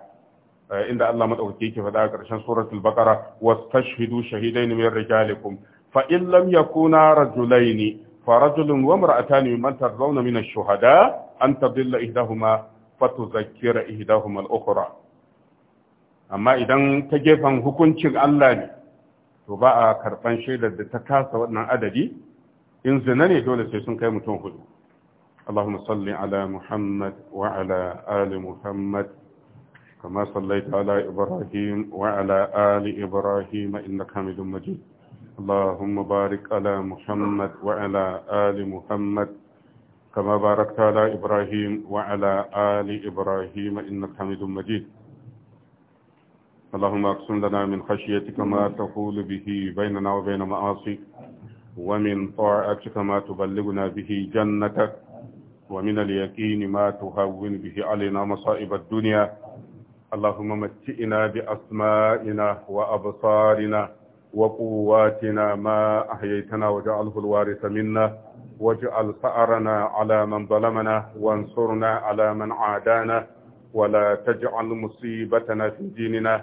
eh, inda Allah madaukake yake faɗa a ƙarshen suratul baqara wastashhidu shahidaini min rijalikum fa in lam yakuna rajulaini فرجل وامرأتان ممن shuhada an الشهداء أن تضل إحداهما فتذكر إحداهما الأخرى amma idan ta gefen hukuncin Allah ne to a karɓan shaidar da ta kasa wannan adadi in zina ne dole sai sun kai mutum hudu Allahumma salli ala Muhammad wa ala ali Muhammad kama sallaita ala Ibrahim wa ali Ibrahim innaka Hamidum Majid Allahumma barik ala Muhammad wa ali Muhammad kama barakta ala Ibrahim wa ali Ibrahim innaka Hamidum Majid اللهم اقسم لنا من خشيتك ما تقول به بيننا وبين معاصيك ومن طاعتك ما تبلغنا به جنتك ومن اليقين ما تهون به علينا مصائب الدنيا اللهم متئنا بأسمائنا وأبصارنا وقواتنا ما أحييتنا وجعله الوارث منا واجعل ثأرنا على من ظلمنا وانصرنا على من عادانا ولا تجعل مصيبتنا في ديننا